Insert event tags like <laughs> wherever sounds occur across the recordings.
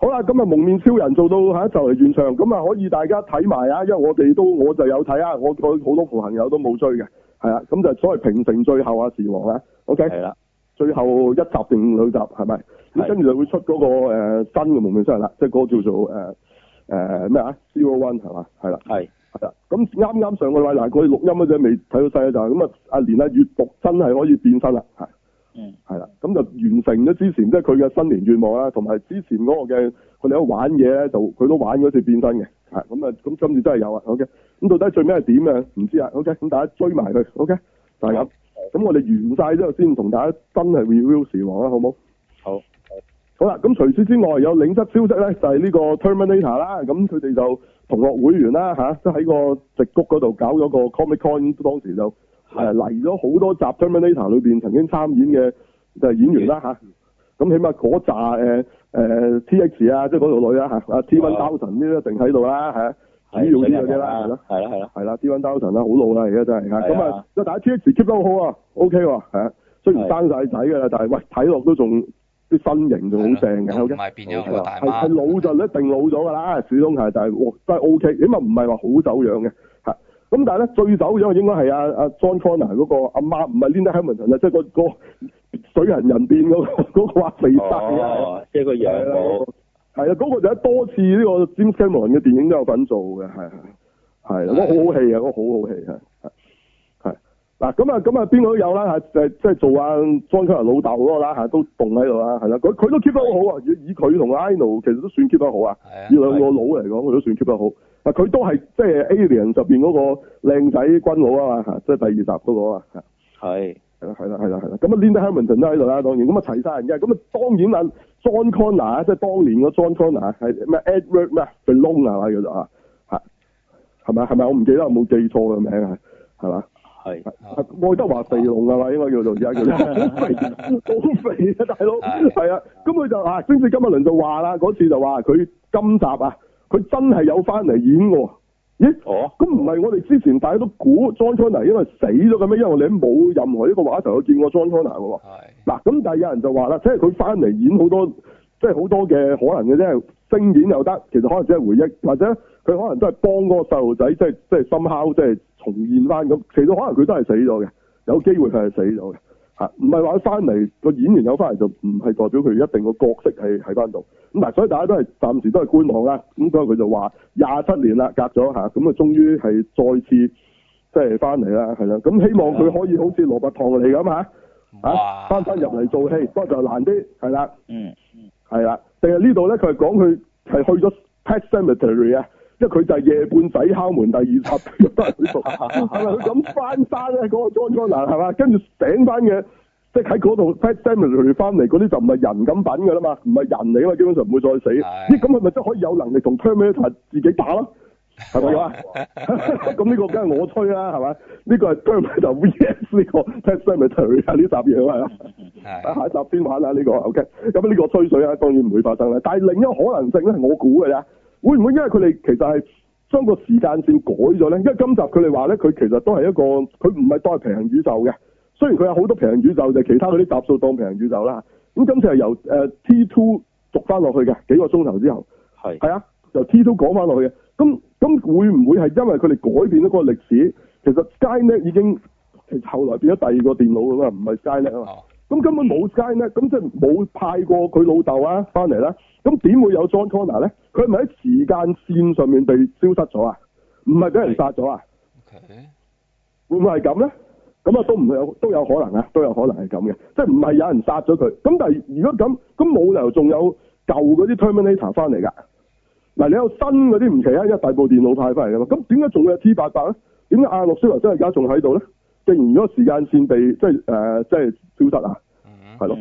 好啦，咁啊蒙面超人做到嚇，由、啊、嚟完場，咁啊可以大家睇埋啊，因為我哋都我就有睇啊，我我好多朋友都冇追嘅，係啊，咁就所謂平成最後阿、啊、時王啦、啊、，OK，係啦的，最後一集定兩集係咪？咁跟住就會出嗰、那個新嘅、呃、蒙面超人啦，即係嗰個叫做誒誒咩啊，Zero One 係嘛？係啦，係係啦，咁啱啱上、那個禮嗱過去錄音嗰陣未睇到曬啦就，咁啊阿連啊閲讀真係可以變身啦。係啦，咁就完成咗之前即係佢嘅新年願望啦，同埋之前嗰個嘅佢哋喺度玩嘢咧，就佢都玩嗰次變身嘅，係咁啊，咁今次真係有啊，OK，咁到底最尾係點啊？唔知啊，OK，咁大家追埋佢，OK，大係咁，我哋完晒之後先同大家真係 review 時王啦，好冇？好，好，好啦，咁除此之外有另一則消息咧，就係、是、呢個 Terminator 啦，咁佢哋就同學會員啦吓，即、啊、喺個矽谷嗰度搞咗個 Comic Con，當時就，係嚟咗好多集 Terminator 裏邊曾經參演嘅就係演員啦嚇，咁起碼嗰扎誒誒 T X 啊，即係嗰度女啊嚇，阿 Twin d a l t o n 呢一定喺度啦嚇，主要啲嗰啲啦，係咯，係咯，係啦 Twin d a l t o n 啦，好老啦而家真係嚇，咁啊，但係 T X keep 得好好啊，OK 喎啊，雖然生晒仔㗎啦，但係喂睇落都仲啲身形仲好正嘅，OK。係變咗佢大媽。係老就一定老咗㗎啦，始終係但係都係 OK，起碼唔係話好走樣嘅。咁但係咧最走樣應該係阿阿 John Connor 嗰個阿媽，唔係 Linda Hamilton 啊，即係個個水人人變嗰個阿肥仔啊，即係個樣咯，係啦，嗰個就喺多次呢個 James Cameron 嘅電影都有份做嘅，係係係啦，嗰個好好戲啊，嗰個好好戲係係嗱咁啊咁啊邊個都有啦嚇，誒即係做阿 John Connor 老豆嗰個啦嚇，都棟喺度啦係啦，佢佢都 keep 得好好啊，以佢同 I No 其實都算 keep 得好啊，以兩個佬嚟講佢都算 keep 得好。佢都係即係 Alien 入邊嗰個靚仔軍佬啊嘛，嚇，即係第二集嗰個啊，係係啦係啦係啦，咁啊 Linda Hamilton 都喺度啦，當然咁啊齊晒人嘅，咁啊當然阿 John Connor 即係當年個 John Connor 係咩 Edward 咩肥龍啊嘛叫做嚇，係咪啊係咪我唔記得冇記錯嘅名啊，係嘛，係愛德華肥龍啊嘛應該叫做而家叫得肥好肥啊大佬，係啊，咁佢就啊，甚至今日輪就話啦，嗰次就話佢今集啊。佢真係有翻嚟演喎？咦哦？咁唔係我哋之前大家都估莊春南因為死咗嘅咩？因為我哋冇任何一個畫頭有見過莊春南嘅喎。係。嗱咁，但係有人就話啦，即係佢翻嚟演好多，即係好多嘅可能嘅啫。聲演又得，其實可能只係回憶，或者佢可能都係幫嗰個細路仔，即係即係深敲，即係重現翻咁。其實可能佢都係死咗嘅，有機會佢係死咗嘅。啊！唔係話佢翻嚟，個演員有翻嚟，就唔係代表佢一定個角色係喺翻度咁嗱，所以大家都係暫時都係觀望啦。咁所以佢就話廿七年啦，隔咗吓，咁啊，終於係再次即係翻嚟啦，係啦。咁、啊、希望佢可以好似羅伯唐尼咁吓啊，翻返哇入嚟做戲，不過、啊、就難啲係啦。嗯，係啦。定係呢度咧？佢係講佢係去咗 Pet Cemetery 啊。即係佢就係夜半仔敲門，第二集又都係水爆，係咪佢咁翻山咧嗰、那個張張楠係嘛？跟住醒翻嘅，即係喺嗰度，Pet Sematary 翻嚟嗰啲就唔、是、係人咁品噶啦嘛，唔係人嚟噶嘛，基本上唔會再死。咦，咁係咪真可以有能力同 Terminator 自己打咯？係咪咁呢個梗係我吹啦，係咪？呢、這個係 Terminator vs 呢個 Pet Sematary 翻嚟呢集嘢係啊，喺下一集先玩啦呢、這個。OK，咁呢個吹水啊，當然唔會發生啦。但係另一個可能性咧，我估嘅啫。會唔會因為佢哋其實係將個時間線改咗咧？因為今集佢哋話咧，佢其實都係一個佢唔係當係平行宇宙嘅。雖然佢有好多平行宇宙，就其他嗰啲集數當平行宇宙啦。咁今次係由誒、呃、T two 續翻落去嘅幾個鐘頭之後，係係是啊，由 T two 講翻落去嘅。咁咁會唔會係因為佢哋改變咗個歷史？其實 Skynet 已經後來變咗第二個電腦啊嘛，唔係 Skynet 啊嘛。哦咁根本冇 Skynet 咧，咁即係冇派過佢老豆啊翻嚟啦，咁點會有 John Connor 咧？佢係咪喺時間線上面被消失咗啊？唔係俾人殺咗啊？Okay. 會唔會係咁咧？咁啊都唔會有都有可能啊，都有可能係咁嘅，即係唔係有人殺咗佢？咁但係如果咁，咁冇理由仲有舊嗰啲 Terminator 翻嚟噶？嗱，你有新嗰啲唔奇啊，一大部電腦派翻嚟噶嘛？咁點解仲會有 T 八八咧？點解阿諾舒華真係而家仲喺度咧？竟然嗰個時間線被即係誒、呃、即係消失啊，係、嗯、咯，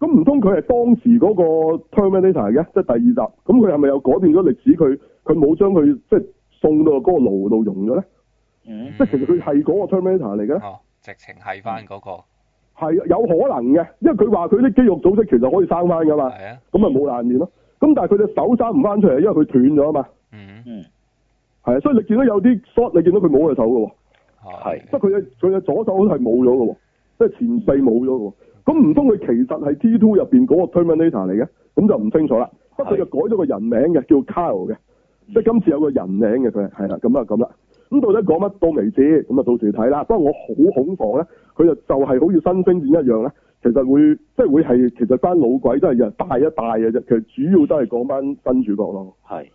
咁唔通佢係當時嗰個 Terminator 嘅，即係第二集，咁佢係咪又改變咗歷史？佢佢冇將佢即係送到嗰個爐度溶咗咧？嗯、即係其實佢係嗰個 Terminator 嚟嘅，哦、直情係翻嗰個係有可能嘅，因為佢話佢啲肌肉組織其實可以生翻噶嘛，咁咪冇爛面咯。咁、嗯、但係佢隻手生唔翻出嚟，因為佢斷咗啊嘛。嗯，係啊、嗯嗯，所以你見到有啲 shot，你見到佢冇隻手嘅喎。係，即係佢嘅佢嘅左手好似係冇咗嘅喎，即係前臂冇咗嘅喎。咁唔通佢其實係 T Two 入邊嗰個 Terminator 嚟嘅？咁就唔清楚啦。不過佢改咗個人名嘅，叫 Kyle 嘅，嗯、即係今次有個人名嘅佢係啦，咁啊咁啦。咁到底講乜都未知，咁啊到時睇啦。不過我好恐慌咧，佢就就係好似新星戰一樣咧，其實會即係、就是、會係其實班老鬼都係日大一大嘅啫。其實主要都係講翻新主角咯。係。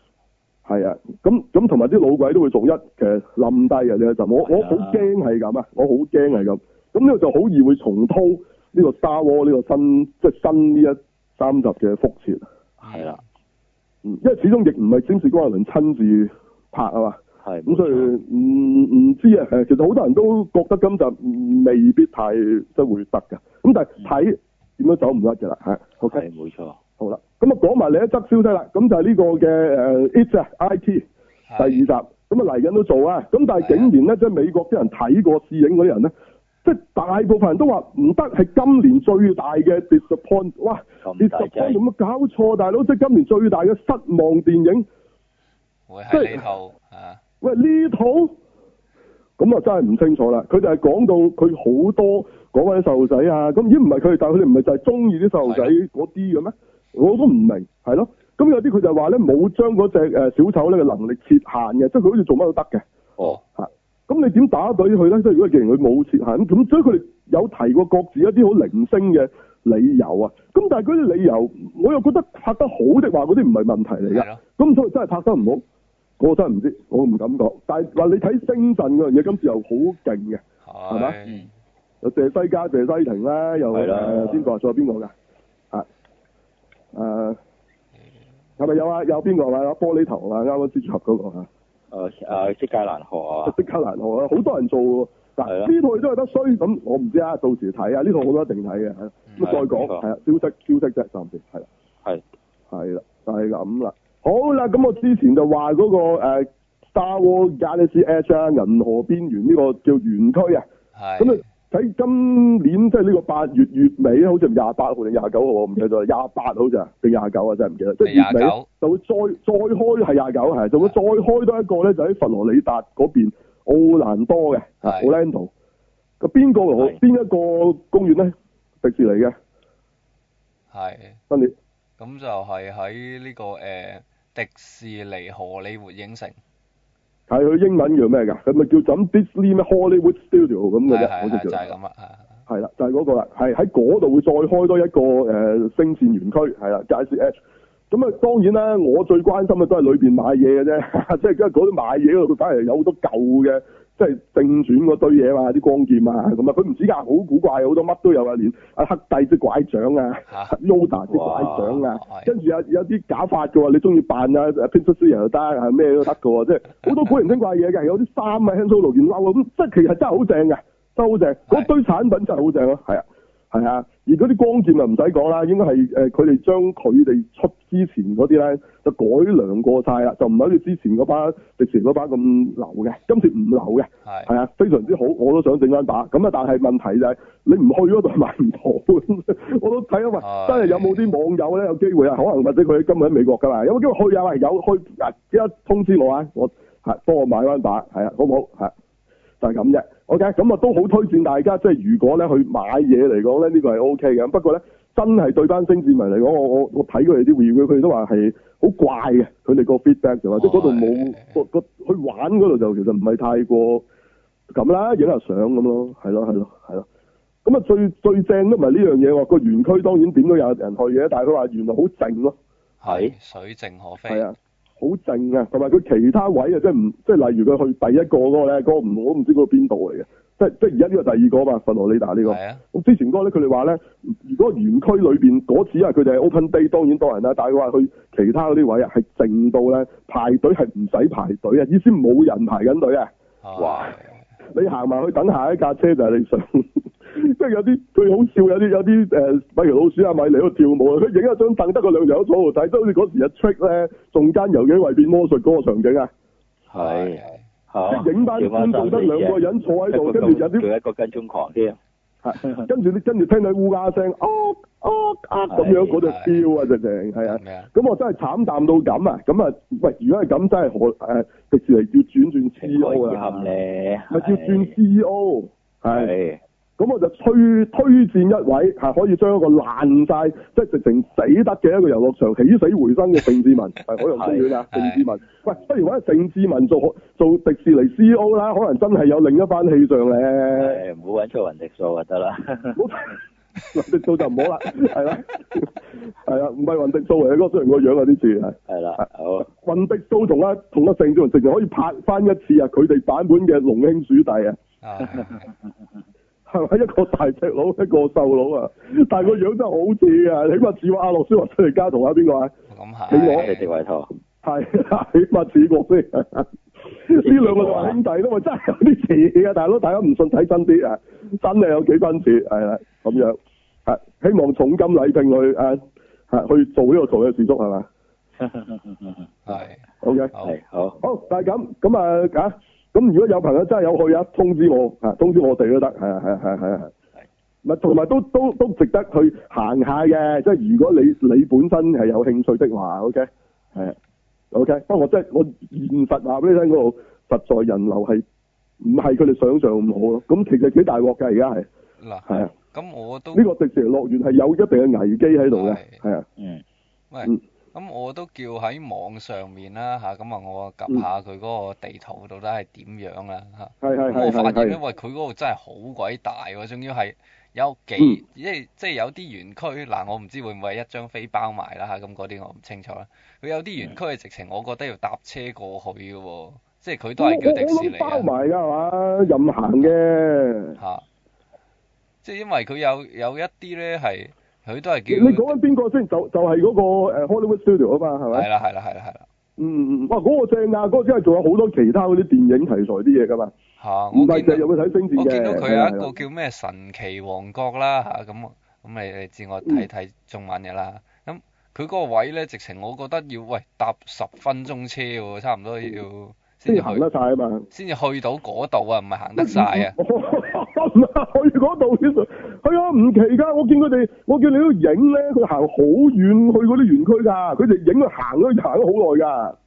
係啊，咁咁同埋啲老鬼都會逐一，嘅，冧低啊呢一集，我我好驚，係咁啊，我好驚係咁，咁呢個就好易會重蹈呢個沙窩呢個新即係新呢一三集嘅覆轍。係啦、啊，嗯，因為始終亦唔係占士金馬倫親自拍啊嘛，係，咁所以唔唔、嗯、知啊，其實好多人都覺得今集未必太即係會得嘅，咁但係睇點都走唔甩嘅啦嚇，OK，冇錯。啦，咁啊講埋另一則消息啦，咁就係、是、呢個嘅誒 IT 第二集，咁啊嚟緊都做啊，咁但係竟然咧，的即係美國啲人睇過試影嗰啲人咧，即係大部分人都話唔得，係今年最大嘅 disappoint，哇 disappoint 有冇搞錯大佬？即、就、係、是、今年最大嘅失望電影，會即喂呢套啊，喂呢套，咁啊真係唔清楚啦，佢就係講到佢好多嗰班細路仔啊，咁已咦唔係佢哋，但係佢哋唔係就係中意啲細路仔嗰啲嘅咩？我都唔明，係咯，咁有啲佢就話咧冇將嗰隻誒小丑咧嘅能力設限嘅，即係佢好似做乜都得嘅。哦，吓，咁你點打對佢咧？即係如果既然佢冇設限，咁所以佢哋有提過各自一啲好零星嘅理由啊。咁但係嗰啲理由，我又覺得拍得好嘅話，嗰啲唔係問題嚟噶。咁的所以真係拍得唔好，我真係唔知，我唔敢講。但係話你睇星陣嗰樣嘢，今次又好勁嘅，係嘛的？嗯，有謝西家、謝西廷啦，又係啦，邊個？仲有邊個噶？誒，係咪有啊？有邊個有玻璃頭啊，啱啱接合嗰個啊。誒誒，即刻難學啊！即刻 <laughs> 的、啊、難學啊！好 <laughs> 多人做喎。嗱、啊，呢的套都係得衰，咁我唔知啊，到時睇啊。呢套我都一定睇嘅。咁再講，係啊，消息消息啫，暫時係啦。係係啦，就係咁啦。好啦，咁我之前就話嗰、那個誒、uh,，Star、Wars、Galaxy's Edge、這個、啊，銀河邊緣呢個叫園區啊。係。喺今年即係呢個八月月尾，好似廿八號定廿九號，唔記得咗。廿八好似定廿九啊，真係唔記得。即係 29? 月尾就會再再開，係廿九，係就是會再開多一個咧，就喺佛羅里達嗰邊奧蘭多嘅。奧蘭多個邊個好？邊是一個公園咧？迪士尼嘅係。咁是裂就係喺呢個誒、呃、迪士尼荷里活影城。係佢英文叫咩㗎？佢咪叫咁 Disney 咩？Hollywood Studio 咁嘅啫，好似就係咁啦，係啦，就係、是、嗰、就是、個啦，係喺嗰度會再開多一個誒、呃、星戰園區，係啦，介紹誒。咁啊，當然啦，我最關心嘅都係裏邊買嘢嘅啫，即係因為嗰啲買嘢度，佢反而有好多舊嘅。即係正傳嗰堆嘢嘛，啲光劍啊咁啊，佢唔知㗎，好古怪，好多乜都有啊，連阿黑帝隻拐杖啊，Yoda 隻拐杖啊，哇跟住有有啲假髮嘅喎，你中意扮 <laughs> 啊，啊 Professor 又得，係咩都得嘅喎，即係好多古靈精怪嘢嘅，有啲衫啊，Han Solo 件褸啊，咁即係其實真係好正嘅，真係好正，嗰的堆產品真係好正咯，係啊，係啊。而嗰啲光劍就唔使講啦，應該係誒，佢哋將佢哋出之前嗰啲咧，就改良過晒啦，就唔係好似之前嗰班迪士尼嗰班咁流嘅，今次唔流嘅，係係啊，非常之好，我都想整翻把。咁啊，但係問題就係、是、你唔去嗰度買唔到， <laughs> 我都睇下喂，真係 Okay. 有冇啲網友咧有機會啊？可能或者佢今日喺美國噶嘛，有冇機會去啊？有去日一通知我啊，我係幫我買翻把，係啊，好唔好？吓就係咁啫。OK，咁啊都好推薦大家，即係如果咧去買嘢嚟講咧，呢個係 OK 嘅。不過咧，真係對翻星子迷嚟講，我我我睇佢哋啲 review，佢哋都話係好怪嘅。佢哋個 feedback 就話，即嗰度冇個個去玩嗰度就其實唔係太過咁啦，影下相咁咯，係咯係咯係咯。咁啊最最正都唔係呢樣嘢喎，個園區當然點都有人去嘅，但係佢話原來好靜咯，係水靜河飛啊。好靜啊，同埋佢其他位啊，即係唔即係例如佢去第一個嗰個咧，嗰個唔我唔知嗰個邊度嚟嘅，即係即係而家呢個第二個嘛，佛羅里達呢個，係啊，咁之前嗰個咧，佢哋話咧，如果園區裏邊嗰次啊，佢哋係 open day，當然多人啦，但係佢話去其他嗰啲位啊係靜到咧排隊係唔使排隊啊，意思冇人排緊隊啊。哇。你行埋去等下，下一架車就係你上。即 <laughs> 係有啲最好笑有啲有啲誒，米奇、呃、米奇老鼠阿、啊、米嚟去、啊啊啊、跳舞，佢影一張凳得個兩條友坐好，但係都好似嗰時一 trick 咧，仲間有幾位變魔術嗰個場景啊，係係即係影翻張凳得兩個人坐喺度，跟住有啲一個跟蹤狂添，係跟住你跟住聽佢烏鴉聲。哦啊，咁樣嗰隻表啊，直情係啊，咁我真係慘淡到咁啊，咁啊，喂，如果係咁真係可誒，迪士尼要轉轉 C E O 啊，遺憾咧，咪要轉 C E O，係，咁我就推推薦一位係可以將一個爛晒即係直情死得嘅一個遊樂場起死回生嘅盛智文，係海洋公園啊，盛智文，喂，不如搵盛智文做做迪士尼 C E O 啦，可能真係有另一番氣象咧，誒，唔好搵錯人哋數就得啦。雲迪蘇就唔好啦，係啦，係啊，唔係雲迪蘇嚟嘅，雖然個樣有啲似係，係啦，好雲迪蘇同啊同阿鄭中，鄭仲可以拍翻一次啊，佢哋版本嘅龍兄鼠弟啊，係咪一個大隻佬，一個瘦佬啊？但係個樣真係好似啊，你話似話阿諾舒華，出嚟，加同阿邊個啊？咁係你定位我。係，起碼試過先。呢兩個就係兄弟咯，咪真係有啲似啊！大佬，大家唔信睇真啲啊，真係有幾分似，係啦，咁樣嚇。希望重金禮聘佢啊嚇去做呢個做嘅事足係嘛？係，OK，係，好好，好。但係咁咁啊嚇，咁如果有朋友真係有去啊，通知我嚇，通知我哋都得，係係係啊，係。咪同埋都都都值得去行下嘅，即係如果你你本身係有興趣的話，OK，係。O.K. 不過我真係我現實話俾你聽，嗰度實在人流係唔係佢哋想象咁好咯，咁其實幾大鑊噶而家係嗱係啊，咁、嗯、我都呢個迪士尼樂園係有一定嘅危機喺度嘅，係啊的的嗯，喂，咁我都叫喺網上面啦吓，咁啊我撳下佢嗰個地圖到底係點樣、嗯、啊吓，係係、嗯嗯、我發現因為佢嗰度真係好鬼大喎，仲要係。有幾即係即係有啲園區，嗱我唔知會唔會係一張飛包埋啦嚇，咁嗰啲我唔清楚啦。佢有啲園區係直情，我覺得要搭車過去嘅喎，即係佢都係叫迪士尼包埋㗎係嘛，任行嘅。嚇、啊！即係因為佢有有一啲咧係，佢都係叫你講緊邊個先？就就係、是、嗰個 Hollywood Studio 啊嘛，係咪？係啦係啦係啦係啦。嗯嗯哇嗰、嗰個正啊，嗰、嗰個真係仲有好多其他嗰啲電影題材啲嘢㗎嘛。吓、啊，我見到我見到佢有一個叫咩神奇王國啦嚇，咁、啊、咁你你，你知我睇睇中文嘅啦。咁佢嗰個位咧，直情我覺得要喂搭十分鐘車喎，差唔多要先行得晒啊嘛，先至去到嗰度 <laughs> <laughs> 啊，唔係行得晒啊。去嗰度先，係啊唔奇噶，我見佢哋，我見你都影咧，佢行好遠去嗰啲園區噶，佢哋影行都行咗好耐噶。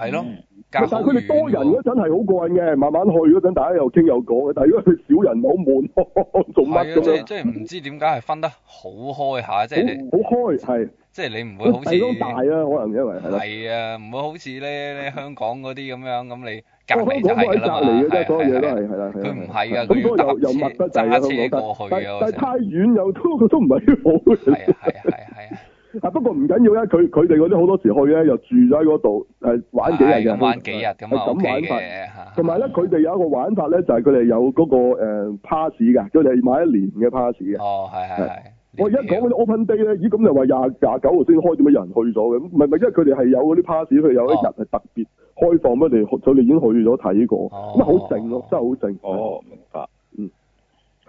係咯，但係佢哋多人嗰陣係好過癮嘅，慢慢去嗰陣大家又傾又講嘅。但係如果佢少人，好悶，做乜咁樣？即係唔知點解係分得好開下，即係好開，係即係你唔會好似大啊！可能因為係。係啊，唔會好似咧香港嗰啲咁樣咁你隔離就係啦嘛，所有嘢都係。佢唔係啊，佢越嚟越密得滯啊，過去。但係太遠又都都唔係好。係啊！係啊！係啊！啊！不過唔緊要啦，佢佢哋嗰啲好多時去咧，又住喺嗰度，係玩幾日嘅，玩幾日咁啊，咁玩法。同埋咧，佢哋有一個玩法咧，就係佢哋有嗰個 pass 嘅，佢哋買一年嘅 pass 嘅。哦，係係係。我而家講嗰啲 open day 咧，咦？咁又話廿廿九號先開，點解有人去咗嘅？唔係因為佢哋係有嗰啲 pass，佢有一日係特別開放畀佢哋，佢哋已經去咗睇過，因為好靜咯，真係好靜。哦，明白。嗯，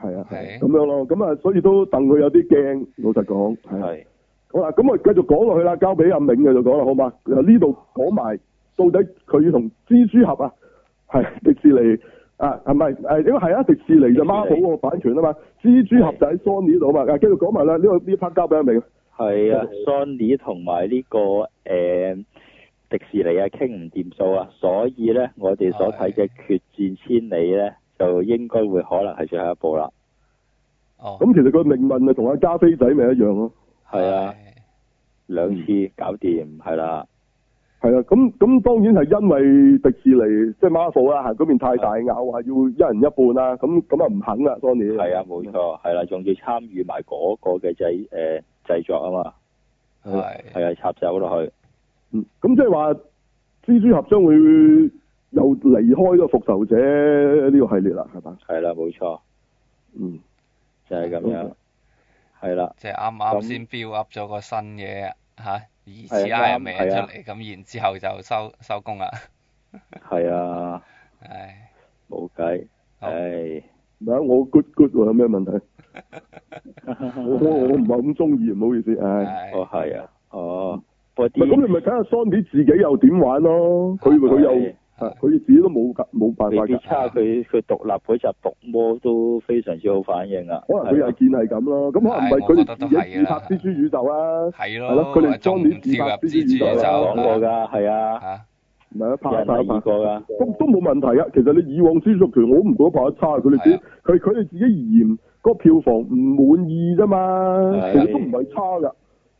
係啊，係咁樣咯，咁啊，所以都戥佢有啲驚。老實講，係。好啦，咁我繼續講落去啦，交俾阿明繼續講啦，好、啊啊是是啊、嘛，呢度講埋到底佢要同蜘蛛俠啊，係、這個呃、迪士尼啊啊唔誒，因為係啊迪士尼就孖好個版權啊嘛，蜘蛛俠就喺 Sony 度啊嘛，啊繼續講埋啦，呢個呢 part 交俾阿明。係啊，Sony 同埋呢個誒迪士尼啊傾唔掂數啊，所以咧我哋所睇嘅決戰千里咧就應該會可能係最後一部啦。哦。咁、嗯嗯、其實個命運啊同阿加菲仔咪一樣咯。係啊，兩次搞掂，係啦，係啦，咁咁當然係因為迪士尼即係 Marvel 啊，喺嗰邊太大咬啊，的要一人一半啊，咁咁啊唔肯啦，當然係啊，冇錯，係啦，仲要參與埋嗰個嘅製誒製作啊嘛，係係啊插手落去，嗯，咁即係話蜘蛛俠將會又離開咗復仇者呢個系列啦，係嘛，係啦，冇錯，嗯，就係咁樣。係啦，即係啱啱先 build up 咗個新嘢，吓疑似啊，又未出嚟，咁然之後就收收工啦。係啊，唉，冇計，唉，唔係我 good good 喎，有咩問題？我我唔係咁中意，唔好意思，唉，哦係啊，哦，嗰啲。咪咁你咪睇下 Sony 自己又點玩咯，佢佢又。佢自己都冇冇辦法。你撇佢，佢獨立嗰集《毒魔》都非常之好反應啊。可能佢又見係咁咯，咁可能唔係佢哋自己自拍蜘蛛宇宙啊？係咯，佢哋當年自拍蜘蛛宇宙講過㗎，係啊，唔係啊，拍曬拍過㗎，都都冇問題啊。其實你以往蜘蛛條我唔覺得拍得差，佢哋自己，佢佢哋自己嫌個票房唔滿意啫嘛，其實都唔係差㗎。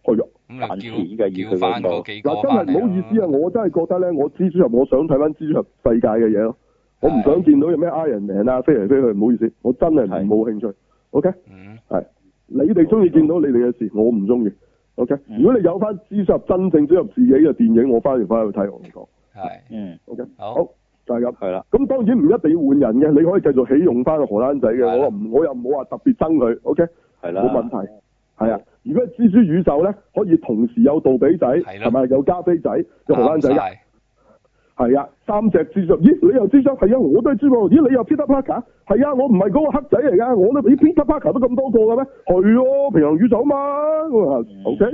係啊。叫翻嗰幾個。嗱，真係唔好意思啊，我真係覺得咧，我蜘蛛俠我想睇翻蜘蛛俠世界嘅嘢咯，我唔想見到有咩 Iron Man 啊飛嚟飛去，唔好意思，我真係冇興趣。OK，嗯，係你哋中意見到你哋嘅事，我唔中意。OK，如果你有翻蜘蛛俠真正注入自己嘅電影，我翻嚟翻去睇。我講係，嗯，OK，好，得啦，係啦。咁當然唔一定要換人嘅，你可以繼續起用翻個荷蘭仔嘅。我唔，我又唔好話特別憎佢。OK，係啦，冇問題，係啊。如果係蜘蛛宇宙咧，可以同時有杜比仔，係咪有加菲仔，有荷蘭仔？係，係啊，三隻蜘蛛，咦？你又蜘蛛？係啊，我都係蜘蛛。咦？你又 Peter Parker？係啊，我唔係嗰個黑仔嚟噶，我都咦？Peter Parker 都咁多個嘅咩？係哦，平衡宇宙嘛。OK，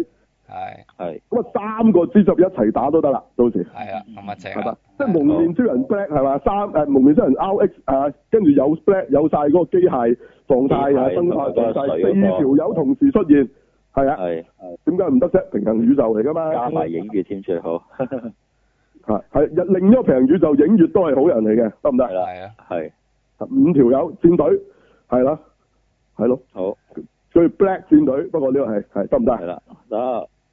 係係。咁啊，三個蜘蛛一齊打都得啦，到時係啊，咁啊，即係即係蒙面超人 Black 係嘛？三誒蒙面超人 RX 啊，跟住有 Black 有晒嗰個機械狀態啊，生態啊，四條友同時出現，係啊，點解唔得啫？平衡宇宙嚟噶嘛，加埋影月先最好。係係另一平衡宇宙，影月都係好人嚟嘅，得唔得？係啦，係啊，係五條友戰隊，係啦，係咯。好，最 black 戰隊，不過呢個係係得唔得？係啦，得。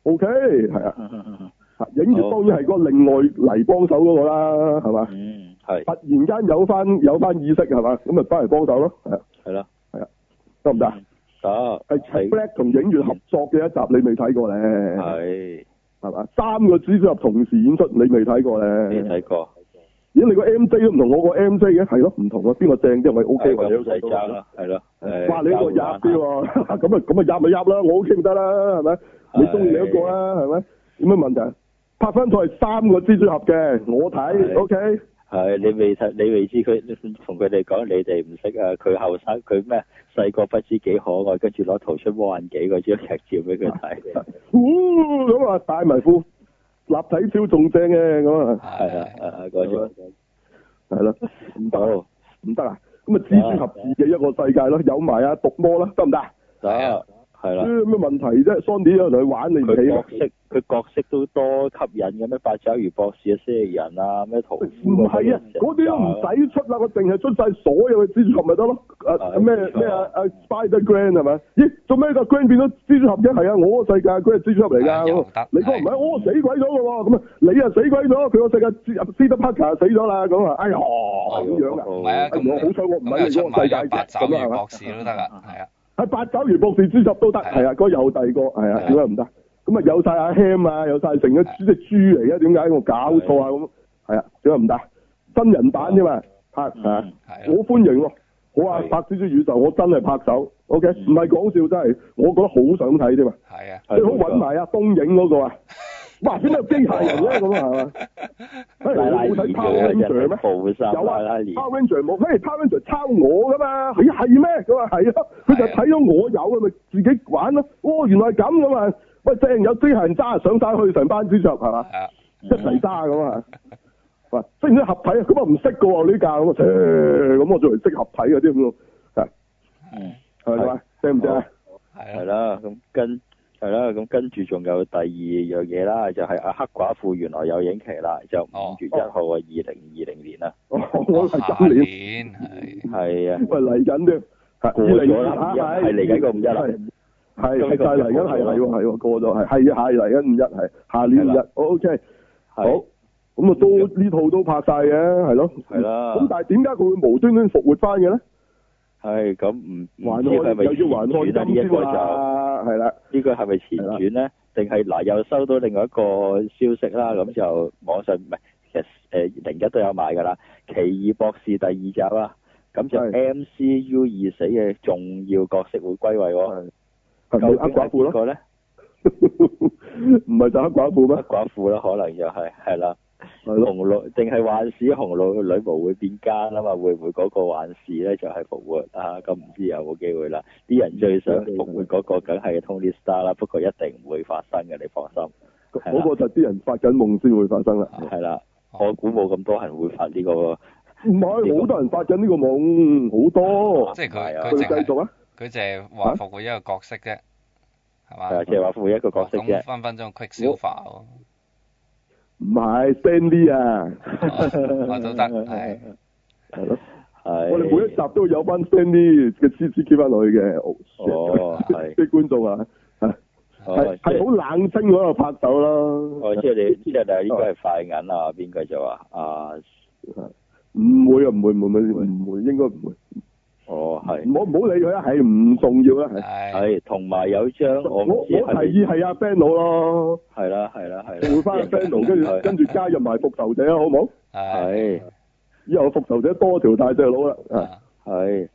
O K，係啊。影月當然係個另外嚟幫手嗰個啦，係嘛？嗯，係。突然間有翻有翻意識係嘛？咁咪翻嚟幫手咯，係啊。係啦，係啊，得唔得？得，係陳同影員合作嘅一集你未睇過咧，係是，係嘛？三個蜘蛛俠同時演出你未睇過咧，未睇過？咦、欸，你個 M J 都唔同我個 M J 嘅，係咯，唔同咯，邊個正啲？我係 O K 嘅，你好大扎啦，係咯，話是個入啲喎，咁啊咁啊入咪入啦，我 O K 咪得啦，係咪是？你中意你一個啦，係咪？點樣問題係拍翻台三個蜘蛛俠嘅，我睇 O K。係、啊、你未睇，你未知佢同佢哋講，你哋唔識啊！佢後生，佢咩細個不知幾可愛，跟住攞圖出魔幻幾嗰張劇照俾佢睇，咁啊戴埋副，立體超仲正嘅咁啊！係啊，係啊，嗰張係啦，唔得唔得啊！咁啊，蜘蛛俠自己一個世界咯，有埋啊毒魔啦，得唔得？得、啊。 <laughs> 係啦，咩問題啫？Sondy 又嚟玩你唔起？角色佢角色都多吸引嘅咩？八爪魚博士啊，蜥蜴人啊，咩圖？唔係啊，嗰啲都唔使出啦，我淨係出晒所有嘅蜘蛛俠咪得咯？咩咩啊？Spider Grand 係咪？咦，做咩個 Grand 變咗蜘蛛俠？係啊，我個世界佢係蜘蛛俠嚟噶。你哥唔係我死鬼咗嘅，咁啊你啊死鬼咗，佢個世界蜘蛛蜘蛛 Parker 死咗啦。咁啊哎呀咁樣啊？唔係啊，好彩我唔係你個世界。咁啊出八爪魚博士都得啊，係啊。喺八爪魚博士之集都得，係啊，嗰有第二個，係啊，點解唔得？咁啊有晒阿 Ham 啊，有晒成咗即係豬嚟啊？點解我搞錯啊？咁係啊，點解唔得？真人版啫嘛，拍啊，好歡迎喎！好啊，拍《少少宇宙》，我真係拍手，OK，唔係講笑真係，我覺得好想睇啫嘛，係啊，即好揾埋阿東影嗰個啊！哇！邊有機械人咧咁啊？係嘛、哎？嘿，冇睇 Power Ranger 咩？有啊，Power Ranger 冇。嘿，Power Ranger 抄我噶嘛？咦係咩？佢話係咯，佢就睇咗我有啊，咪、啊哎、自己玩咯。哦，原來係咁噶嘛？喂、哎，正有機械人揸上山去，成班之上係嘛？係啊，嗯、一齊揸咁啊。喂，識、哎、唔識合體啊？咁啊唔識噶喎呢架咁啊，咁我仲嚟識合體啊啲咁咯。係、嗯，係嘛？識唔識啊？係啊。係啦，咁跟、嗯。嗯嗯嗯係啦，咁跟住仲有第二樣嘢啦，就係阿黑寡婦原來有影期啦，就五月一號啊，二零二零年啦，下年係係啊，咪嚟緊添，過咗啦吓，係嚟緊個五一，係係晒嚟緊係係係過咗係，係啊係嚟緊五一係下年五一，OK 好，咁啊都呢套都拍晒嘅，係咯，係啦的，咁但係點解佢會無端端復活翻嘅咧？係咁唔玩知係咪前傳啦？呢、這、一個就係啦，個是是呢個係咪前傳咧？定係嗱又收到另外一個消息啦？咁就網上唔係，其實誒零一都有買噶啦，《奇異博士》第二集啊，咁就 M C U 已死嘅重要角色會歸位喎、啊，救黑的 <laughs> 寡婦咯？唔係就黑寡婦咩？黑寡婦咯，可能又係係啦。紅路定係幻視紅路，女巫會變奸啊嘛？會唔會嗰個幻視咧就係復活啊？咁、啊、唔知有冇機會啦？啲人最想復活嗰個梗係 Tony Star 啦，不過一定唔會發生嘅，你放心。嗰個就啲人發緊夢先會發生啦。係啦了，對我估冇咁多人會發呢、呢個。唔係、啊，好多人發緊呢個夢，好多。即係佢，佢繼續啊？佢淨係話復活一個角色啫，係嘛？係啊，即係話復活一個角色啫、嗯。分分鐘 quick 唔係，stand 啲啊！我都得，係係咯，係。我哋每一集都有班 stand 啲嘅 C C 接翻落去嘅，哦，係啲觀眾啊，係係好冷清嗰度拍手咯。我知你，知道就係應該係快銀啊？邊個就話啊？唔會啊，唔會唔會唔會唔會，應該唔會。哦，係唔好唔好理佢啦，係唔重要啦，係，係同埋有張我我提議係阿 Ben 佬咯，係啦係啦係，換返阿 Ben 佬跟住跟住加入埋復仇者啊，好唔好？係，以後復仇者多條大隻佬啦，啊，係，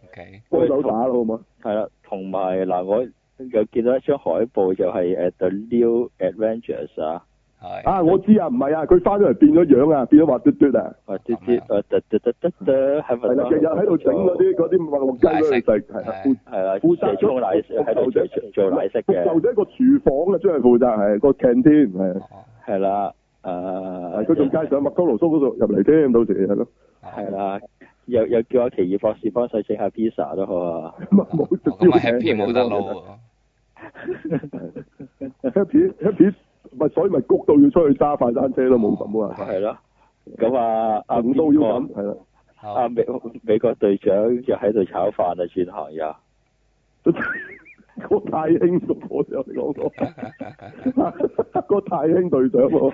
高手打啦，好唔好？係啦，同埋嗱，我又見到一張海報就係誒 The New Avengers 啊。啊，我知啊，唔係啊，佢翻咗嚟變咗樣啊，變咗滑嘟嘟啊，滑嘟嘟，呃嘟嘟嘟嘟嘟，喺度係啦，日日喺度整嗰啲嗰啲墨汁色，係啦，負責沖奶，喺度做做奶昔嘅，負責一個廚房啊，即係負責係個餐廳，係係啦，啊，佢仲加上麥當勞叔嗰度入嚟添，到時係咯，係啦，又又叫阿奇爾博士幫手整下披薩咯，好嘛，咁啊冇得接嘅，咁啊 happy 冇得撈啊，happy happy 咪所以咪谷到要出去揸快山車，都冇咁冇辦法。係咯，咁啊阿五都要諗係啦，阿美美國隊長又喺度炒飯啊，轉行呀？個太興我聽講過，個太興隊長喎，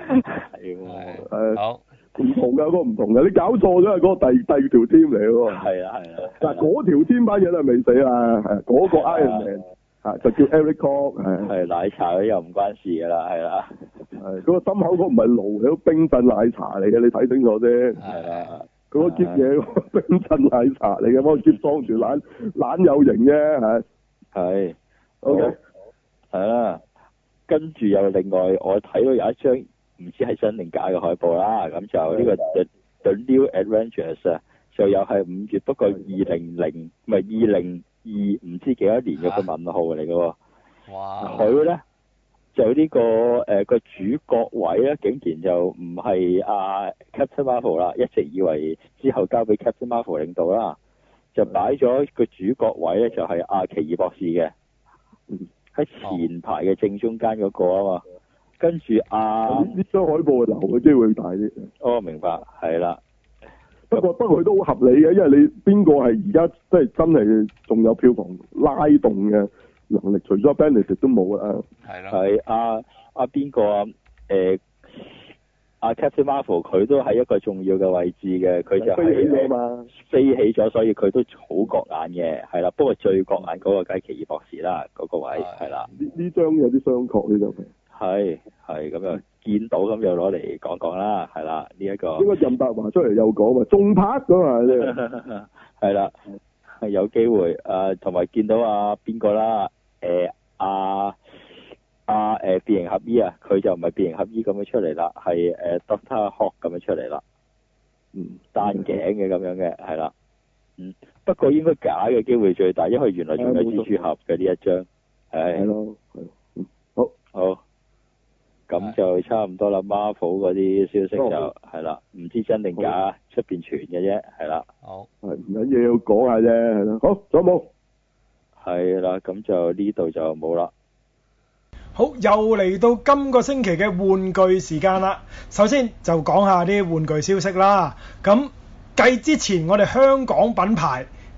係喎，好唔同噶，嗰個唔同噶，你搞錯咗係嗰個第第二條 team 嚟喎。係啊係啊，嗱嗰條 team 班嘢係未死啊，嗰個 Iron Man。啊！就叫 Erico，係奶茶，又唔關事噶啦，係啦。係嗰個心口嗰唔係爐，係種冰鎮奶茶嚟嘅，你睇清楚先。係啦，佢嗰啲嘢冰鎮奶茶嚟嘅，幫我接裝住，懶懶又型啫，吓。係，OK，係啦。跟住又另外，我睇到有一張唔知係真定假嘅海報啦。咁就呢個《The The New Adventures》就又係五月，不過二零零唔係二零。二唔知幾多年嘅，啊、個問號嚟嘅，佢咧哇就呢、這個誒個、呃、主角位咧，竟然就唔係阿 Captain Marvel 啦，一直以為之後交俾 Captain Marvel 領導啦，就擺咗個主角位咧，就係、是、阿、啊、奇爾博士嘅，喺前排嘅正中間嗰個啊嘛，跟住阿呢張海報流嘅機會大啲，啊、哦，明白，係啦。我覺得佢都好合理嘅，因為你邊個係而家即係真係仲有票房拉動嘅能力，除咗 Benicio 都冇啦。係啦，係阿阿邊個誒，阿、呃啊、Captain Marvel 佢都係一個重要嘅位置嘅，佢就係、是、飛起咗嘛，飛起咗，所以佢都好覺眼嘅，係啦。不過最覺眼嗰個梗係奇異博士啦，嗰、那個位係啦。呢呢張有啲雙角呢張。係係咁又見到咁、這個、又攞嚟講講啦，係啦，呢一個呢個任達華出嚟又講啊，仲拍噶嘛，係啦，係、呃、有機會啊，同埋見到啊邊個啦，誒阿阿誒變形俠醫啊，佢就唔係變形俠醫咁樣出嚟啦，係誒 Doctor Hulk 咁樣出嚟啦，嗯單頸嘅咁樣嘅係啦，嗯，不過應該假嘅機會最大，因為原來仲係蜘蛛俠嘅呢一張，係係咯，係好、欸、好。好咁就差唔多啦，Marvel 嗰啲消息就係啦，唔知真定假，出邊傳嘅啫，係啦。好，係唔緊要要講下啫，係啦。好，仲有冇？係啦，咁就呢度就冇啦。好，又嚟到今個星期嘅玩具時間啦。首先就講下啲玩具消息啦。咁繼之前，我哋香港品牌，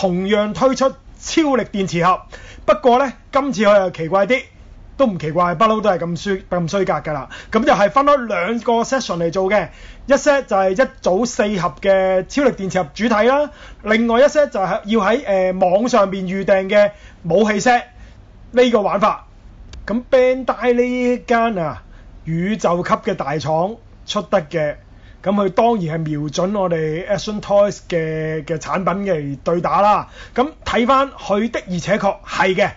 同樣推出超力電磁盒，不過呢，今次佢又奇怪啲，都唔奇怪，不嬲都係咁衰咁衰格㗎啦。咁就係分咗兩個 session 嚟做嘅，一 set 就係一組四盒嘅超力電磁盒主體啦，另外一 set 就係要喺誒、呃、網上面預訂嘅武器 set 呢個玩法。咁 Bandai 呢間啊宇宙級嘅大廠出得嘅。咁佢當然係瞄準我哋 Action Toys 嘅嘅產品嘅對打啦。咁睇翻佢的而且確係嘅，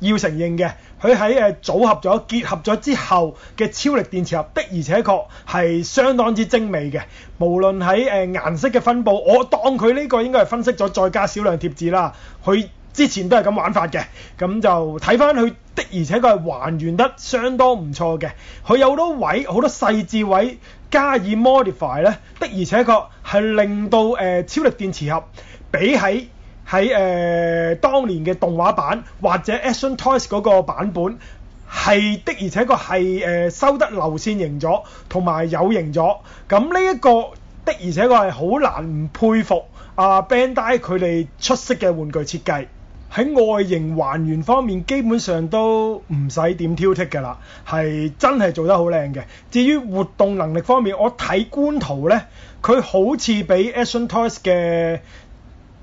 要承認嘅。佢喺誒組合咗、結合咗之後嘅超力電池盒的而且確係相當之精美嘅。無論喺誒、呃、顏色嘅分佈，我當佢呢個應該係分析咗再加少量貼紙啦。佢之前都係咁玩法嘅，咁就睇翻佢的而且確係還原得相當唔錯嘅。佢有好多位、好多細緻位。加以 modify 咧，的而且確係令到誒、呃、超力電磁俠比起喺誒、呃、當年嘅動畫版或者 Action Toys 嗰個版本係的而且確係誒收得流線型咗，同埋有，有型咗。咁呢一個的而且確係好難唔佩服啊 Bandai 佢哋出色嘅玩具設計。喺外形還原方面，基本上都唔使點挑剔嘅啦，係真係做得好靚嘅。至於活動能力方面，我睇官圖呢，佢好似比 Action Toys 嘅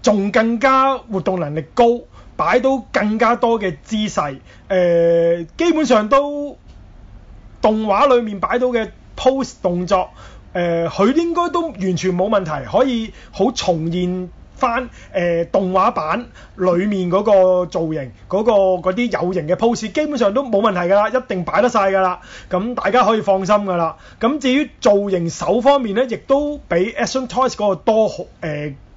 仲更加活動能力高，擺到更加多嘅姿勢。誒、呃，基本上都動畫裡面擺到嘅 pose 動作，誒、呃，佢應該都完全冇問題，可以好重現翻誒、呃、動畫版裡面嗰個造型嗰、那個嗰啲有型嘅 pose，基本上都冇問題㗎啦，一定擺得晒㗎啦，咁大家可以放心㗎啦。咁、嗯、至於造型手方面咧，亦都比 Action Toys 嗰個多誒、呃、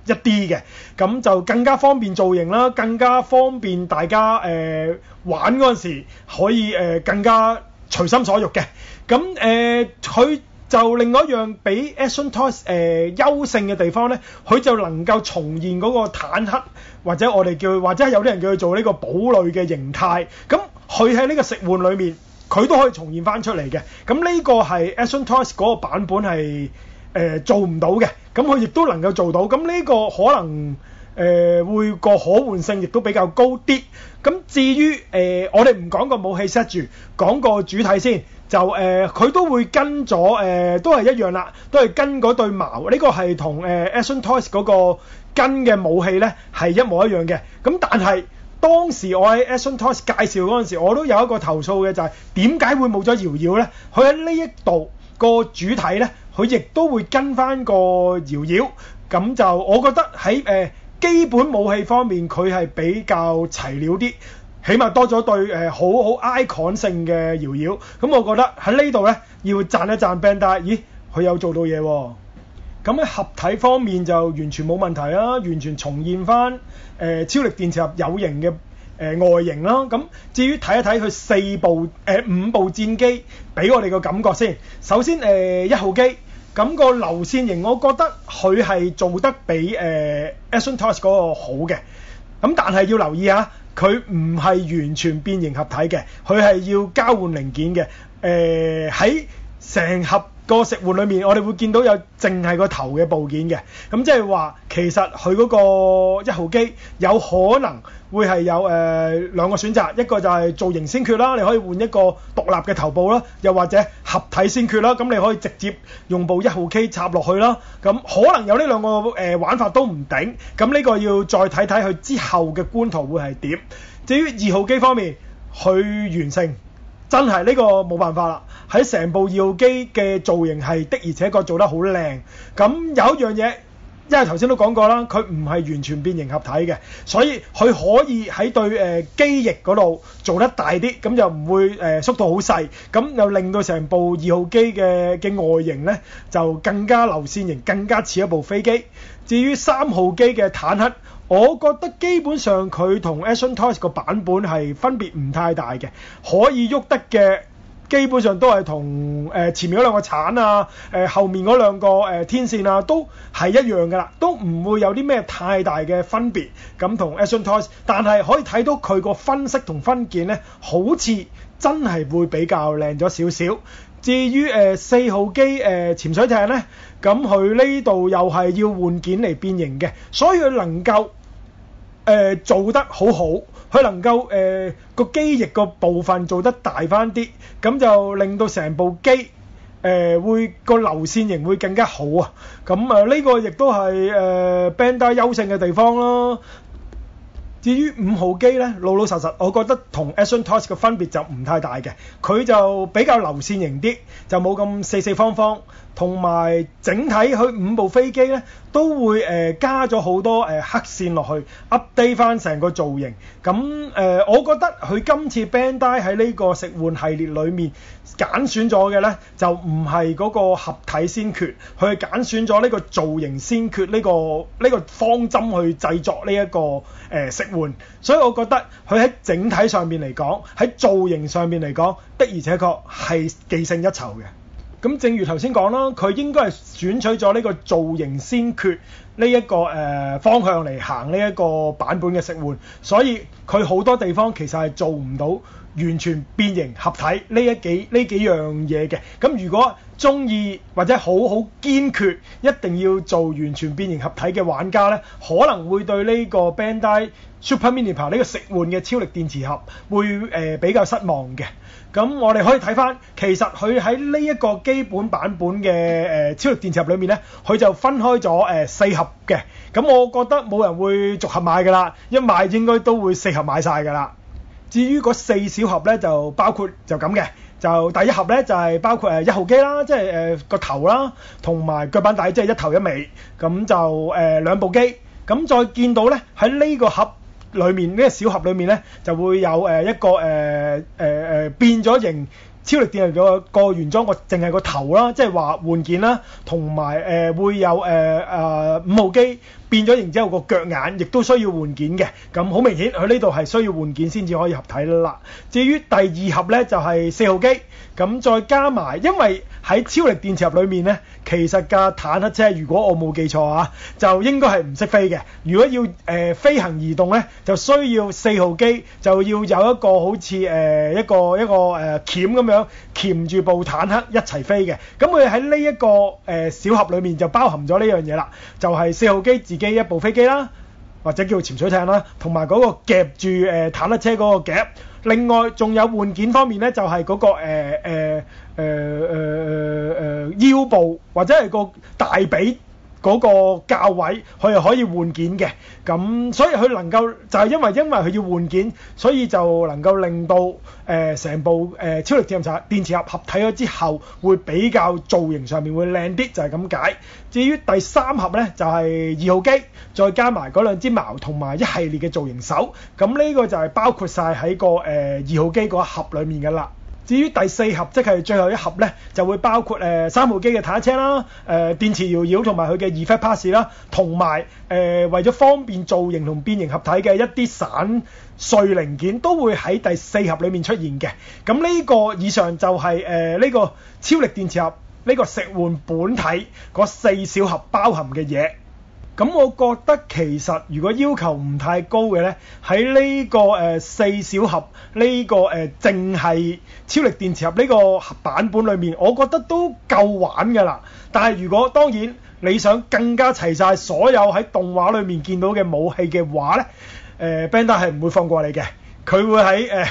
一啲嘅，咁就更加方便造型啦，更加方便大家誒、呃、玩嗰陣時可以誒、呃、更加隨心所欲嘅。咁誒佢。呃就另外一樣比 Action Toys 誒、呃、優勝嘅地方呢，佢就能夠重現嗰個坦克或者我哋叫，或者有啲人叫佢做呢個堡壘嘅形態。咁佢喺呢個食玩裏面，佢都可以重現翻出嚟嘅。咁、嗯、呢、這個係 Action Toys 嗰個版本係誒、呃、做唔到嘅，咁佢亦都能夠做到。咁、嗯、呢、這個可能誒、呃、會個可換性亦都比較高啲。咁、嗯、至於誒、呃、我哋唔講個武器 set 住，講個主題先。就誒，佢、呃、都會跟咗誒、呃，都係一樣啦，都係跟嗰對矛。呢、這個係同誒、呃、Action Toys 嗰個跟嘅武器呢係一模一樣嘅。咁但係當時我喺 Action Toys 介紹嗰陣時，我都有一個投訴嘅就係點解會冇咗搖搖呢？佢喺呢一度個主體呢，佢亦都會跟返個搖搖。咁就我覺得喺誒、呃、基本武器方面，佢係比較齊料啲。起碼多咗對誒好好 icon 性嘅搖搖，咁、嗯、我覺得喺呢度咧要讚一讚 Bandai 但係咦佢有做到嘢喎、哦，咁、嗯、喺合體方面就完全冇問題啦、啊，完全重現翻誒、呃、超力電磁俠有型嘅誒、呃、外形啦、啊。咁、嗯、至於睇一睇佢四部誒、呃、五部戰機俾我哋個感覺先。首先誒、呃、一號機，咁、嗯那個流線型我覺得佢係做得比誒、呃、Action Toys 嗰個好嘅，咁、嗯、但係要留意啊。佢唔係完全變形合體嘅，佢係要交換零件嘅。誒、呃，喺成盒個食玩裏面，我哋會見到有淨係個頭嘅部件嘅。咁即係話，其實佢嗰個一號機有可能。會係有誒兩、呃、個選擇，一個就係造型先決啦，你可以換一個獨立嘅頭部啦，又或者合體先決啦，咁、嗯、你可以直接用部一號機插落去啦。咁、嗯、可能有呢兩個誒、呃、玩法都唔頂，咁、嗯、呢、這個要再睇睇佢之後嘅官圖會係點。至於二號機方面，去完成真係呢、這個冇辦法啦。喺成部二號機嘅造型係的而且確做得好靚，咁、嗯、有一樣嘢。因為頭先都講過啦，佢唔係完全變形合體嘅，所以佢可以喺對誒機、呃、翼嗰度做得大啲，咁就唔會誒速、呃、度好細，咁又令到成部二號機嘅嘅外形呢，就更加流線型，更加似一部飛機。至於三號機嘅坦克，我覺得基本上佢同 Action Toys 個版本係分別唔太大嘅，可以喐得嘅。基本上都係同誒前面嗰兩個鏟啊，誒後面嗰兩個誒天線啊，都係一樣嘅啦，都唔會有啲咩太大嘅分別，咁同 Action Toys，但係可以睇到佢個分析同分件呢，好似真係會比較靚咗少少。至於誒四號機誒潛水艇呢，咁佢呢度又係要換件嚟變形嘅，所以佢能夠。誒、呃、做得好好，佢能夠誒、呃、個機翼個部分做得大翻啲，咁就令到成部機誒、呃、會個流線型會更加好啊！咁啊呢、這個亦都係誒、呃、Bandai 優勝嘅地方咯。至於五號機呢，老老實實，我覺得同 Action Toss 嘅分別就唔太大嘅，佢就比較流線型啲，就冇咁四四方方。同埋整體佢五部飛機咧，都會誒、呃、加咗好多誒、呃、黑線落去，update 翻成個造型。咁、嗯、誒、呃、我覺得佢今次 Bandai 喺呢個食玩系列裏面揀選咗嘅咧，就唔係嗰個合體先決，佢係揀選咗呢個造型先決呢、這個呢、這個方針去製作呢、這、一個誒、呃、食玩。所以我覺得佢喺整體上面嚟講，喺造型上面嚟講的而且確係技勝一籌嘅。咁正如頭先講啦，佢應該係選取咗呢個造型先決呢、這、一個誒、呃、方向嚟行呢一個版本嘅食玩，所以佢好多地方其實係做唔到。完全變形合體呢一幾呢幾樣嘢嘅，咁如果鍾意或者好好堅決一定要做完全變形合體嘅玩家呢，可能會對呢個 Bandai Super Minipla 呢個食玩嘅超力電池盒會誒、呃、比較失望嘅。咁、嗯、我哋可以睇返，其實佢喺呢一個基本版本嘅誒、呃、超力電池盒裏面呢，佢就分開咗誒、呃、四盒嘅。咁、嗯、我覺得冇人會逐盒買㗎喇，一買應該都會四盒買晒㗎喇。至於嗰四小盒咧，就包括就咁嘅，就第一盒咧就係、是、包括誒、呃、一號機啦，即係誒個頭啦，同埋腳板底，即係一頭一尾，咁就誒兩、呃、部機，咁再見到咧喺呢個盒裡面呢、這個小盒裡面咧就會有誒、呃、一個誒誒誒變咗形。超力電人個個原裝個淨係個頭啦，即係話換件啦，同埋誒會有誒啊、呃呃、五號機變咗形之後個腳眼亦都需要換件嘅，咁好明顯佢呢度係需要換件先至可以合體啦。至於第二盒呢，就係、是、四號機，咁再加埋因為。喺超力電磁盒裏面呢，其實架坦克車如果我冇記錯啊，就應該係唔識飛嘅。如果要誒、呃、飛行移動呢，就需要四號機，就要有一個好似誒、呃、一個一個誒、呃、鉗咁樣鉗住部坦克一齊飛嘅。咁佢喺呢一個誒、呃、小盒裏面就包含咗呢樣嘢啦，就係、是、四號機自己一部飛機啦，或者叫潛水艇啦，同埋嗰個夾住誒、呃、坦克車嗰個夾。另外仲有換件方面呢，就係嗰個誒誒誒誒誒腰部或者係個大髀。嗰個價位，佢係可以換件嘅，咁所以佢能夠就係、是、因為因為佢要換件，所以就能夠令到誒成、呃、部誒、呃、超力戰神電池盒合，合體咗之後，會比較造型上面會靚啲，就係、是、咁解。至於第三盒呢，就係、是、二號機，再加埋嗰兩支矛同埋一系列嘅造型手，咁呢個就係包括晒喺個誒、呃、二號機個盒裡面噶啦。至於第四盒，即係最後一盒呢，就會包括誒、呃、三號機嘅坦克車啦，誒、呃、電池搖搖同埋佢嘅 reflect pass 啦，同埋誒為咗方便造型同變形合體嘅一啲散碎零件，都會喺第四盒裡面出現嘅。咁、嗯、呢、這個以上就係誒呢個超力電池盒呢、這個食玩本體嗰四小盒包含嘅嘢。咁我覺得其實如果要求唔太高嘅呢，喺呢、這個誒、呃、四小盒呢、這個誒淨係超力電池盒呢個版本裡面，我覺得都夠玩㗎啦。但係如果當然你想更加齊晒所有喺動畫裡面見到嘅武器嘅話呢，誒、呃、Bandai 係唔會放過你嘅，佢會喺誒、呃、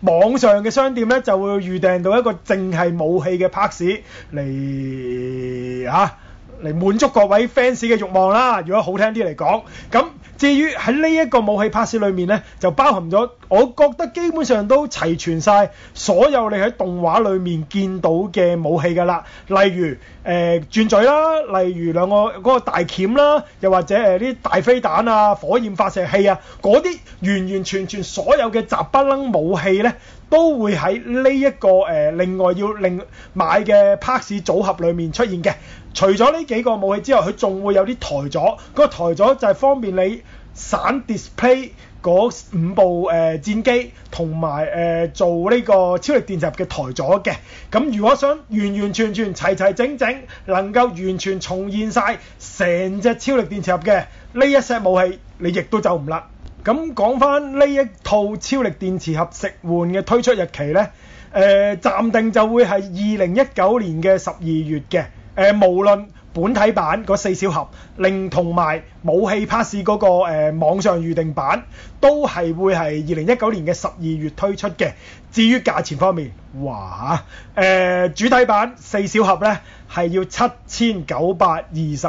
網上嘅商店呢，就會預訂到一個淨係武器嘅 packs 嚟嚇。嚟滿足各位 fans 嘅慾望啦。如果好聽啲嚟講，咁至於喺呢一個武器 packs 裏面呢，就包含咗我覺得基本上都齊全晒所有你喺動畫裏面見到嘅武器㗎啦。例如誒轉、呃、嘴啦，例如兩個嗰、那個、大鉗啦，又或者誒啲、呃、大飛彈啊、火焰發射器啊，嗰啲完完全全所有嘅雜不楞武器呢，都會喺呢一個誒、呃、另外要另買嘅 packs 組合裏面出現嘅。除咗呢幾個武器之外，佢仲會有啲台座。嗰、那個台座就係方便你散 display 嗰五部誒、呃、戰機，同埋誒做呢個超力電池盒嘅台座嘅。咁如果想完完全全齊齊整整，能夠完全重現晒成隻超力電池盒嘅呢一隻武器，你亦都走唔甩。咁講翻呢一套超力電池盒食玩嘅推出日期呢，誒、呃、暫定就會係二零一九年嘅十二月嘅。誒、呃、無論本體版嗰四小盒，另同埋武器拍市嗰個誒、呃、網上預定版，都係會係二零一九年嘅十二月推出嘅。至於價錢方面，哇嚇、呃！主體版四小盒呢係要七千九百二十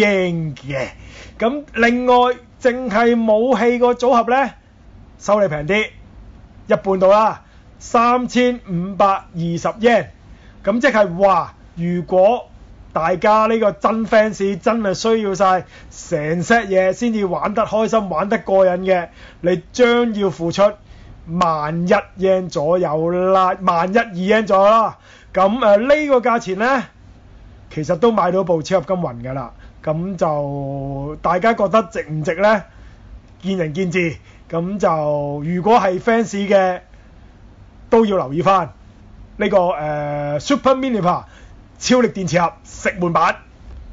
英 e 嘅，咁另外淨係武器個組合呢，收你平啲，一半到啦，三千五百二十英 e 咁即係話，如果大家呢個真 fans 真係需要晒，成 set 嘢先至玩得開心、玩得過癮嘅，你將要付出萬一 yen 左右啦，萬一二 yen 左右啦。咁誒呢個價錢呢，其實都買到部超合金魂㗎啦。咁就大家覺得值唔值呢？見仁見智。咁就如果係 fans 嘅，都要留意翻呢、這個誒、呃、Super Mini Pro。超力電池盒食玩版，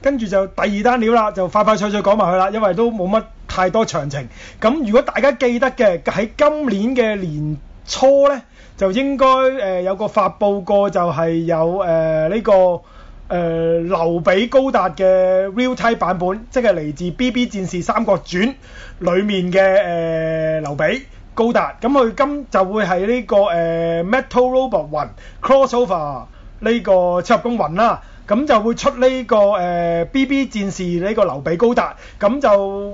跟住就第二單料啦，就快快脆脆講埋佢啦，因為都冇乜太多詳情。咁、嗯、如果大家記得嘅喺今年嘅年初呢，就應該誒、呃、有個發布過就，就係有誒呢個誒、呃、劉備高達嘅 Real Type 版本，即係嚟自 BB 戰士三國傳裡面嘅誒、呃、劉備高達，咁、嗯、佢今就會係呢、這個誒、呃、Metal Robot 魂 crossover。呢個七入公雲啦、啊，咁就會出呢、這個誒、呃、BB 戰士呢個劉備高達，咁就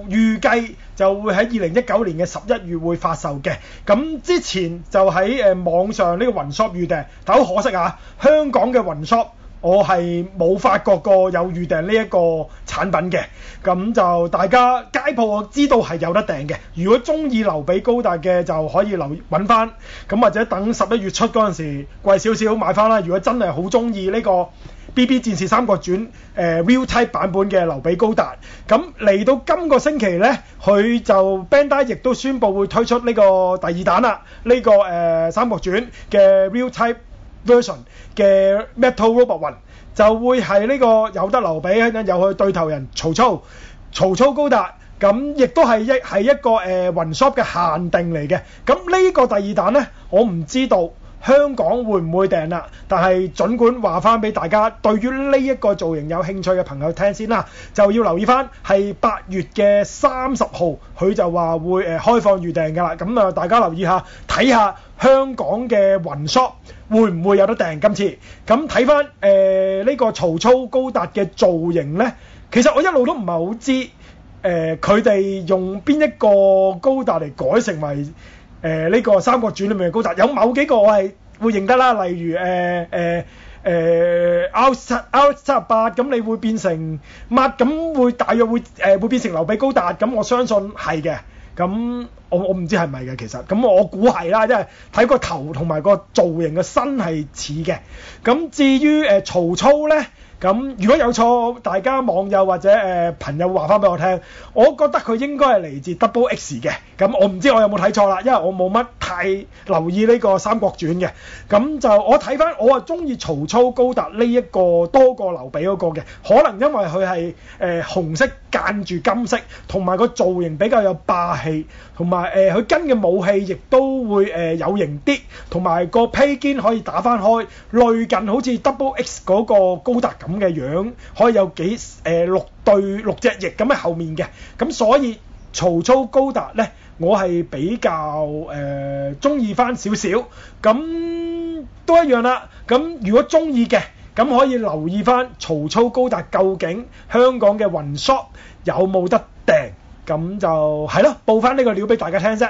預計就會喺二零一九年嘅十一月會發售嘅，咁之前就喺誒、呃、網上呢個雲 shop 預訂，但好可惜啊，香港嘅雲 shop。我係冇發覺過有預訂呢一個產品嘅，咁就大家街鋪我知道係有得訂嘅。如果中意劉備高達嘅，就可以留揾翻，咁或者等十一月出嗰陣時貴少少買翻啦。如果真係好中意呢個 BB 戰士三國傳誒 Real Type 版本嘅劉備高達，咁嚟到今個星期呢，佢就 Bandai 亦都宣布會推出呢個第二彈啦，呢、呢個誒、呃、三國傳嘅 Real Type。version 嘅 Metal Robot 魂，就會係呢、呢個有得留俾，有去對頭人曹操，曹操高達咁，亦都係一係一個誒魂、uh, shop 嘅限定嚟嘅。咁呢個第二彈呢，我唔知道。香港會唔會訂啦、啊？但係儘管話翻俾大家，對於呢一個造型有興趣嘅朋友先聽先啦，就要留意翻係八月嘅三十號，佢就話會誒、呃、開放預訂㗎啦。咁、嗯、啊，大家留意下，睇下香港嘅雲縮會唔會有得訂、啊、今次？咁睇翻誒呢個曹操高達嘅造型呢，其實我一路都唔係好知佢哋、呃、用邊一個高達嚟改成為。誒呢、呃這個《三國傳》裏面嘅高達有某幾個我係會認得啦，例如誒誒誒凹七凹七十八咁，你會變成乜？咁、嗯、會大約會誒、呃、會變成劉備高達，咁、嗯、我相信係嘅。咁、嗯、我我唔知係咪嘅其實，咁、嗯、我估係啦，即係睇個頭同埋個造型嘅身係似嘅。咁、嗯、至於誒、呃、曹操咧？咁如果有錯，大家網友或者誒、呃、朋友話翻俾我聽，我覺得佢應該係嚟自 Double X 嘅。咁、嗯、我唔知我有冇睇錯啦，因為我冇乜太、太留意呢個《三國傳》嘅、嗯。咁就我睇翻，我啊中意曹操高達呢一個多過劉備嗰個嘅，可能因為佢係誒紅色間住金色，同埋個造型比較有霸氣。同埋誒佢跟嘅武器亦都會誒、呃、有型啲，同埋個披肩可以打翻開，類近好似 Double X 嗰個高達咁嘅樣,樣，可以有幾誒、呃、六對六隻翼咁喺後面嘅，咁、嗯、所以曹操高達呢，我係比較誒中意翻少少，咁、呃嗯、都一樣啦。咁、嗯、如果中意嘅，咁、嗯、可以留意翻曹操高達究竟香港嘅魂 Shop 有冇得訂。咁就係咯，報翻呢個料畀大家聽啫。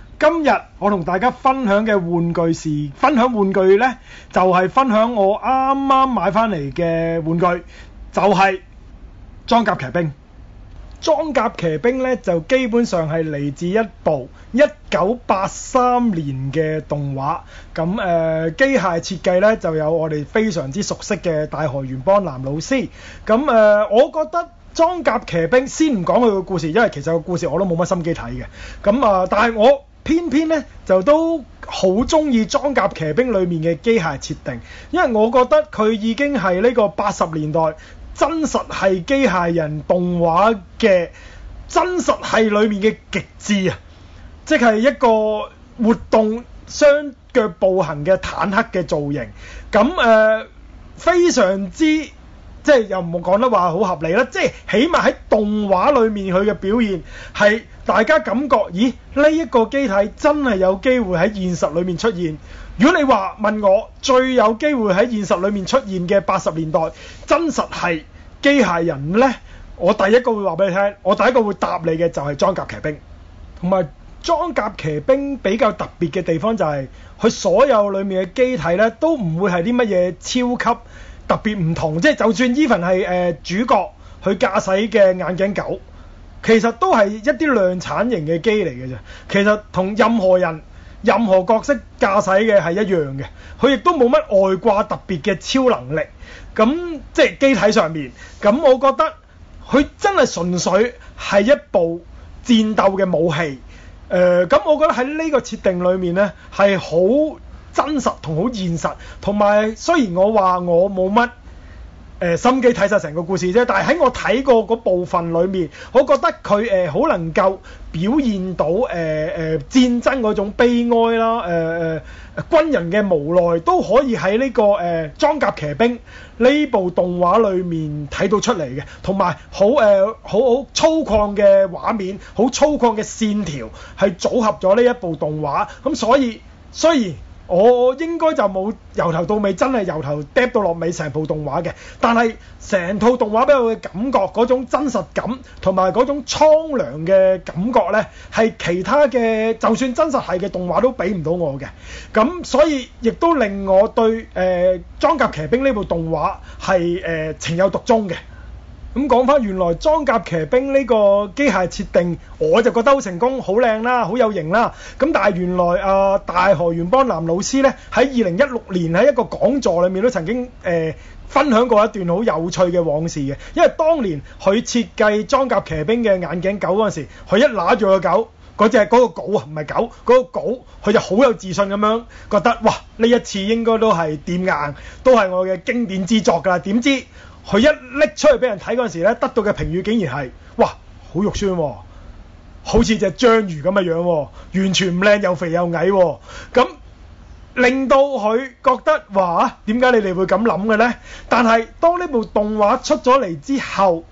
今日我同大家分享嘅玩具是分享玩具呢，就係、是、分享我啱啱買翻嚟嘅玩具，就係、是、裝甲騎兵。裝甲騎兵呢，就基本上係嚟自一部一九八三年嘅動畫。咁誒、呃，機械設計呢，就有我哋非常之熟悉嘅大河原邦男老師。咁誒、呃，我覺得裝甲騎兵先唔講佢個故事，因為其實個故事我都冇乜心機睇嘅。咁啊、呃，但係我。偏偏咧就都好中意裝甲騎兵裏面嘅機械設定，因為我覺得佢已經係呢個八十年代真實係機械人動畫嘅真實係裏面嘅極致啊！即係一個活動雙腳步行嘅坦克嘅造型，咁誒、呃、非常之即係又唔講得話好合理啦，即係起碼喺動畫裏面佢嘅表現係。大家感覺，咦？呢、這、一個機體真係有機會喺現實裏面出現。如果你話問我最有機會喺現實裏面出現嘅八十年代真實系機械人呢？我第一個會話俾你聽，我第一個會答你嘅就係裝甲騎兵。同埋裝甲騎兵比較特別嘅地方就係、是、佢所有裏面嘅機體呢都唔會係啲乜嘢超級特別唔同。即、就、係、是、就算 Even 係誒主角佢駕駛嘅眼鏡狗。其實都係一啲量產型嘅機嚟嘅啫，其實同任何人、任何角色駕駛嘅係一樣嘅，佢亦都冇乜外掛特別嘅超能力。咁即係機體上面，咁我覺得佢真係純粹係一部戰鬥嘅武器。誒、呃，咁我覺得喺呢個設定裏面呢，係好真實同好現實，同埋雖然我話我冇乜，誒、呃、心機睇曬成個故事啫，但係喺我睇過嗰部分裏面，我覺得佢誒好能夠表現到誒誒、呃呃、戰爭嗰種悲哀啦，誒、呃、誒、呃、軍人嘅無奈都可以喺呢、這個誒、呃、裝甲騎兵呢部動畫裏面睇到出嚟嘅，同埋好誒好好粗獷嘅畫面，好粗獷嘅線條係組合咗呢一部動畫，咁、嗯、所以雖然。我應該就冇由頭到尾真係由頭嗒到落尾成部動畫嘅，但係成套動畫俾我嘅感覺嗰種真實感同埋嗰種蒼涼嘅感覺呢，係其他嘅就算真實係嘅動畫都俾唔到我嘅，咁所以亦都令我對誒、呃、裝甲騎兵呢部動畫係誒、呃、情有獨鍾嘅。咁講翻原來裝甲騎兵呢個機械設定，我就覺得好成功、好靚啦、好有型啦。咁但係原來啊、呃、大河原邦男老師呢，喺二零一六年喺一個講座裡面都曾經誒、呃、分享過一段好有趣嘅往事嘅。因為當年佢設計裝甲騎兵嘅眼鏡狗嗰陣時，佢一拿住個狗，嗰隻嗰、嗰個稿啊唔係狗，嗰、嗰個稿佢就好有自信咁樣覺得哇呢一次應該都係點硬，都係我嘅經典之作㗎啦。點知？佢一拎出去俾人睇嗰陣時咧，得到嘅評語竟然係哇好肉酸、哦，好似隻章魚咁嘅樣、哦，完全唔靚又肥又矮、哦，咁、嗯、令到佢覺得哇點解你哋會咁諗嘅呢？但但係當呢部動畫出咗嚟之後，誒、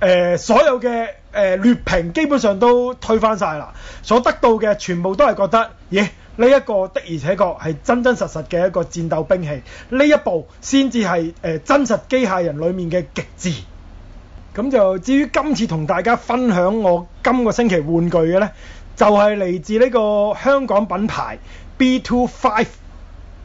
呃、所有嘅誒、呃、劣評基本上都推翻晒啦，所得到嘅全部都係覺得咦，呢一個的而且確係真真實實嘅一個戰鬥兵器，呢一部先至係誒真實機械人裏面嘅極致。咁就至於今次同大家分享我今個星期玩具嘅呢，就係、是、嚟自呢個香港品牌 B2Five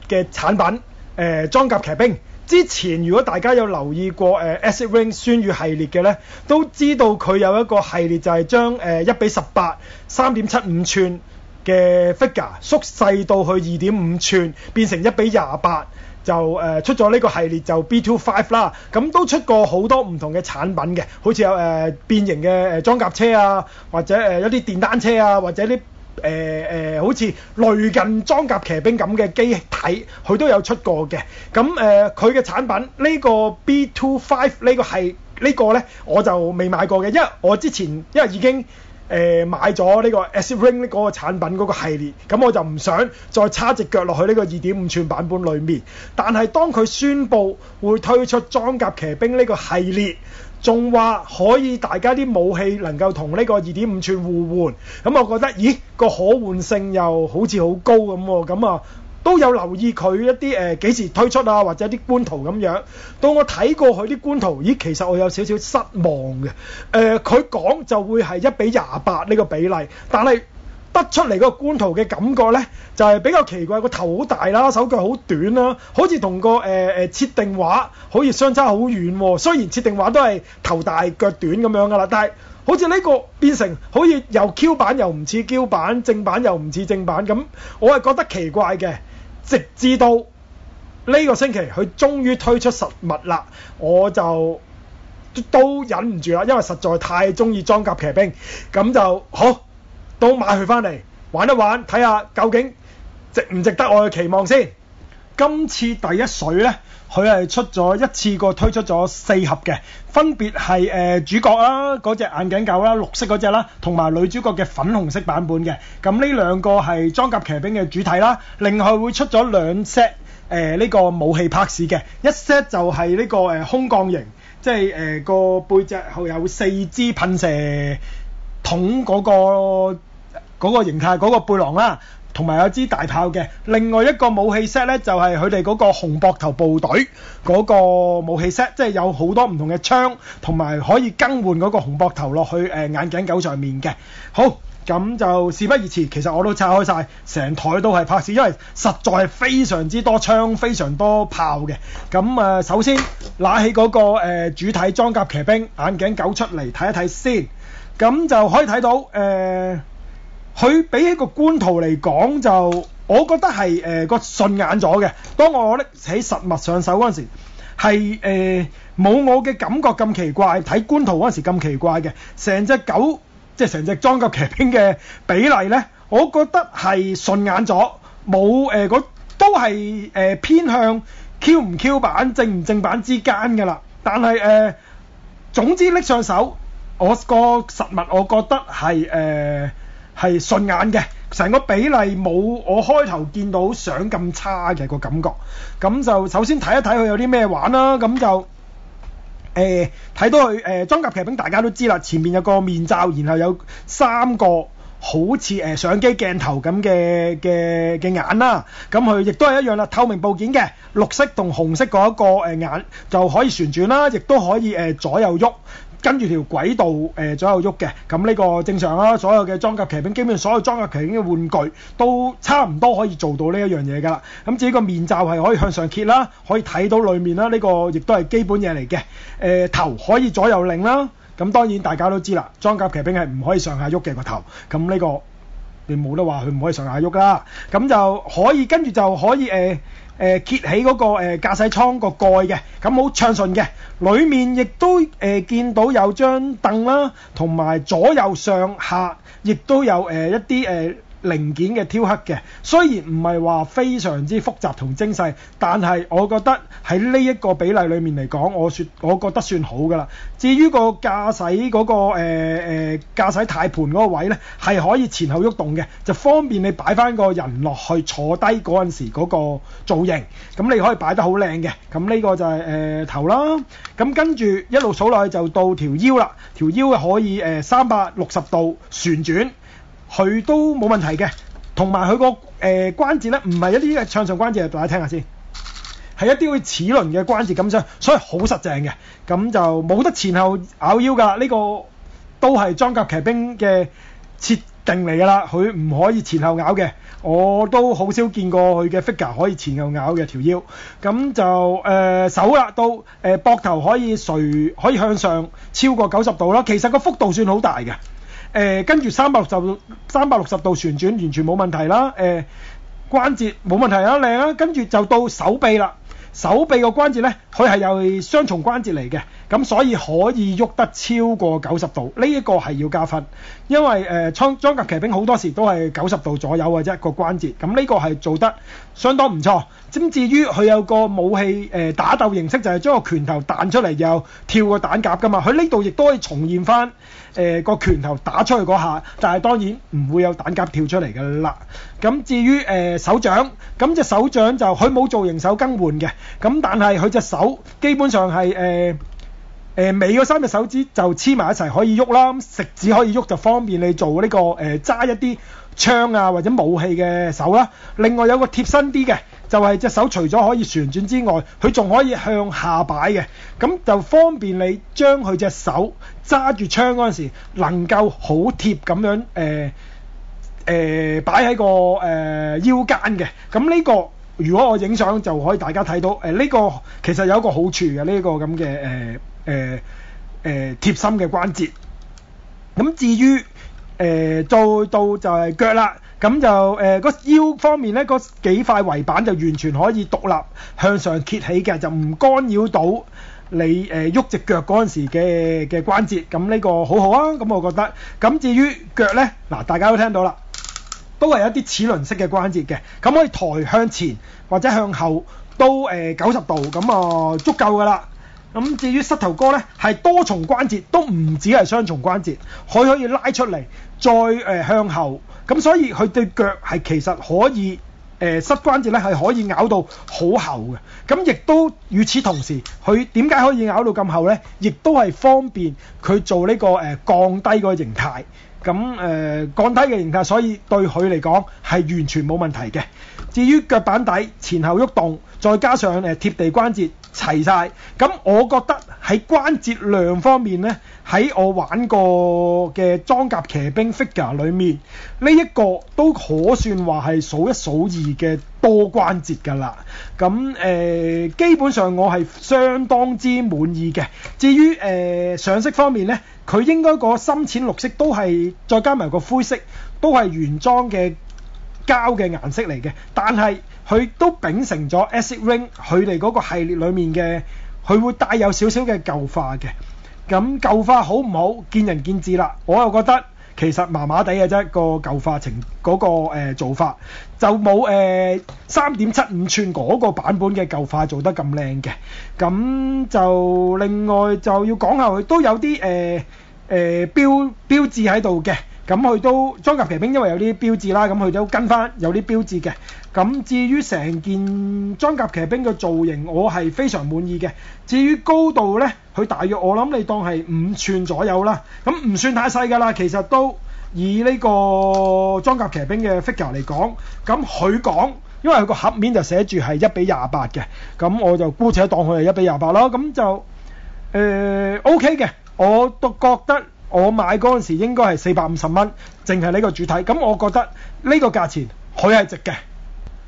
嘅產品誒裝、呃、甲騎兵。之前如果大家有留意過誒、呃、Acid Rain 酸雨系列嘅呢，都知道佢有一個系列就係將誒一比十八三點七五寸。嘅 figure 縮細到去二點五寸，變成一比廿八，就、呃、誒出咗呢個系列就 B Two Five 啦。咁都出過好多唔同嘅產品嘅，好似有誒、呃、變形嘅、呃、裝甲車啊，或者誒有啲電單車啊，或者啲誒誒好似類近裝甲騎兵咁嘅機體，佢都有出過嘅。咁誒佢嘅產品呢、呢個 B Two Five 呢個係呢、呢個呢，我就未買過嘅，因為我之前因為已經。誒、呃、買咗呢個 S Ring 嗰個產品嗰個系列，咁我就唔想再叉隻腳落去呢個二點五吋版本裡面。但係當佢宣布會推出裝甲騎兵呢、這個系列，仲話可以大家啲武器能夠同呢個二點五吋互換，咁我覺得，咦，個可換性又好似好高咁喎，咁啊～都有留意佢一啲誒幾時推出啊，或者啲官圖咁樣。到我睇過佢啲官圖，咦，其實我有少少失望嘅。誒、呃，佢講就會係一比廿八呢個比例，但係得出嚟個官圖嘅感覺呢，就係、是、比較奇怪。個頭好大啦，手腳好短啦、啊，好似同個誒誒、呃、設定畫可以相差好遠、啊。雖然設定畫都係頭大腳短咁樣噶、啊、啦，但係好似呢個變成好似又 Q 版又唔似 Q 版，正版又唔似正版咁，我係覺得奇怪嘅。直至到呢個星期，佢終於推出實物啦，我就都忍唔住啦，因為實在太中意裝甲騎兵，咁就好都買佢返嚟玩一玩，睇下究竟值唔值得我嘅期望先。今次第一水呢，佢係出咗一次過推出咗四盒嘅，分別係誒、呃、主角啦，嗰隻眼鏡狗啦，綠色嗰隻啦，同埋女主角嘅粉紅色版本嘅。咁呢兩個係裝甲騎兵嘅主題啦，另外會出咗兩 set 誒呢個武器拍攝嘅，一 set 就係呢、這個誒、呃、空降型，即係誒個背脊後有四支噴射筒嗰、那個形、那個、態嗰、那個背囊啦。同埋有支大炮嘅，另外一個武器 set 呢就係佢哋嗰個紅膊頭部隊嗰個武器 set，即係有好多唔同嘅槍，同埋可以更換嗰個紅膊頭落去誒眼鏡狗上面嘅。好，咁就事不宜遲，其實我都拆開晒，成台都係拍攝，因為實在係非常之多槍、非常多炮嘅。咁啊，首先攞起嗰個誒主體裝甲騎兵眼鏡狗出嚟睇一睇先，咁就可以睇到誒。佢比起個官圖嚟講，就我覺得係誒個順眼咗嘅。當我拎起實物上手嗰陣時，係冇、呃、我嘅感覺咁奇怪，睇官圖嗰陣時咁奇怪嘅。成隻狗即係成隻裝甲騎兵嘅比例呢，我覺得係順眼咗，冇誒、呃、都係誒、呃、偏向 Q 唔 Q 版正唔正版之間㗎啦。但係誒、呃、總之拎上手，我個實物我覺得係誒。呃係順眼嘅，成個比例冇我開頭見到相咁差嘅、個感覺。咁就首先睇一睇佢有啲咩玩啦、啊。咁就誒睇、呃、到佢誒、呃、裝甲騎兵大家都知啦，前面有個面罩，然後有三個好似誒、呃、相機鏡頭咁嘅嘅嘅眼啦、啊。咁佢亦都係一樣啦、啊，透明部件嘅，綠色同紅色嗰一個誒、呃、眼就可以旋轉啦、啊，亦都可以誒、呃、左右喐。跟住條軌道誒左右喐嘅，咁、這、呢個正常啦。所有嘅裝甲騎兵，基本上所有裝甲騎兵嘅玩具都差唔多可以做到呢一樣嘢嘅啦。咁至於個面罩係可以向上揭啦，可以睇到裡面啦。呢、這個亦都係基本嘢嚟嘅。誒、呃、頭可以左右擰啦。咁當然大家都知啦，裝甲騎兵係唔可以上下喐嘅個頭。咁、這、呢個你冇得話佢唔可以上下喐啦。咁就可以跟住就可以誒。呃誒，揭起嗰個誒駕駛艙個蓋嘅，咁好暢順嘅。裏面亦都誒見到有張凳啦，同埋左右上下亦都有誒一啲誒。呃零件嘅雕刻嘅，雖然唔係話非常之複雜同精細，但係我覺得喺呢一個比例裡面嚟講，我算我覺得算好噶啦。至於個駕駛嗰個誒誒駕駛軚盤嗰個位呢係可以前後喐動嘅，就方便你擺翻個人落去坐低嗰陣時嗰個造型，咁你可以擺得好靚嘅。咁呢個就係、是、誒、呃、頭啦，咁跟住一路數落去就到條腰啦，條腰可以誒三百六十度旋轉。佢都冇問題嘅，同埋佢個誒關節咧，唔係一啲嘅唱唱關節，大家聽下先，係一啲會齒輪嘅關節咁樣，所以好實淨嘅，咁就冇得前後咬腰㗎，呢、這個都係裝甲騎兵嘅設定嚟㗎啦，佢唔可以前後咬嘅，我都好少見過佢嘅 figure 可以前後咬嘅條腰，咁就誒、呃、手壓到誒膊、呃、頭可以垂可以向上超過九十度啦，其實個幅度算好大嘅。誒、呃、跟住三百六十度三百六十度旋轉完全冇問題啦，誒、呃、關節冇問題啦，靚啦、啊，跟住就到手臂啦，手臂個關節咧，佢係有雙重關節嚟嘅。咁所以可以喐得超過九十度，呢一個係要加分，因為誒裝裝甲騎兵好多時都係九十度左右嘅啫個關節。咁呢個係做得相當唔錯。咁至於佢有個武器誒打鬥形式就係將個拳頭彈出嚟又跳個彈夾㗎嘛。佢呢度亦都可以重現翻誒個拳頭打出去嗰下，但係當然唔會有彈夾跳出嚟㗎啦。咁至於誒手掌，咁隻手掌就佢冇造型手更換嘅，咁但係佢隻手基本上係誒。誒尾嗰三隻手指就黐埋一齊，可以喐啦。食指可以喐，就方便你做呢、這個誒揸、呃、一啲槍啊或者武器嘅手啦、啊。另外有個貼身啲嘅，就係、是、隻手除咗可以旋轉之外，佢仲可以向下擺嘅，咁就方便你將佢隻手揸住槍嗰陣時，能夠好貼咁樣誒誒擺喺個誒、呃、腰間嘅。咁呢、這個如果我影相就可以大家睇到誒。呢、呃這個其實有一個好處嘅呢、這個咁嘅誒。呃誒誒、呃呃、貼心嘅關節，咁至於誒、呃、做到就係腳啦，咁就誒、呃、腰方面咧，嗰幾塊圍板就完全可以獨立向上揭起嘅，就唔干擾到你誒喐隻腳嗰陣時嘅嘅關節，咁呢個好好啊，咁我覺得。咁至於腳咧，嗱大家都聽到啦，都係一啲齒輪式嘅關節嘅，咁可以抬向前或者向後都誒九十度，咁啊、呃、足夠噶啦。咁至於膝頭哥呢，係多重關節，都唔止係雙重關節，佢可以拉出嚟，再誒、呃、向後，咁所以佢對腳係其實可以誒、呃、膝關節呢係可以咬到好厚嘅，咁亦都與此同時，佢點解可以咬到咁厚呢？亦都係方便佢做呢、這個誒、呃、降低個形態。咁誒、嗯、降低嘅形態，所以對佢嚟講係完全冇問題嘅。至於腳板底前後喐動，動，再加上誒、呃、貼地關節齊晒。咁、嗯、我覺得喺關節量方面呢喺我玩過嘅裝甲騎兵 figure 裏面，呢、這、一個都可算話係數一數二嘅多關節㗎啦。咁、嗯、誒、呃、基本上我係相當之滿意嘅。至於誒、呃、上色方面呢。佢應該個深淺綠色都係再加埋個灰色都係原裝嘅膠嘅顏色嚟嘅，但係佢都秉承咗 Acid Ring 佢哋嗰個系列裡面嘅，佢會帶有少少嘅舊化嘅。咁舊化好唔好？見仁見智啦。我又覺得。其實麻麻地嘅啫，個舊化程嗰個誒做法就冇誒三點七五吋嗰個版本嘅舊化做得咁靚嘅。咁就另外就要講下佢都有啲誒誒標標誌喺度嘅。咁佢都裝甲騎兵，因為有啲標誌啦，咁佢都跟翻有啲標誌嘅。咁至於成件裝甲騎兵嘅造型，我係非常滿意嘅。至於高度呢，佢大約我諗你當係五吋左右啦。咁唔算太細㗎啦，其實都以呢個裝甲騎兵嘅 figure 嚟講，咁佢講，因為佢個盒面就寫住係一比廿八嘅，咁我就姑且當佢係一比廿八囉。咁就誒、呃、OK 嘅，我都覺得。我買嗰陣時應該係四百五十蚊，淨係呢個主體。咁我覺得呢個價錢佢係值嘅。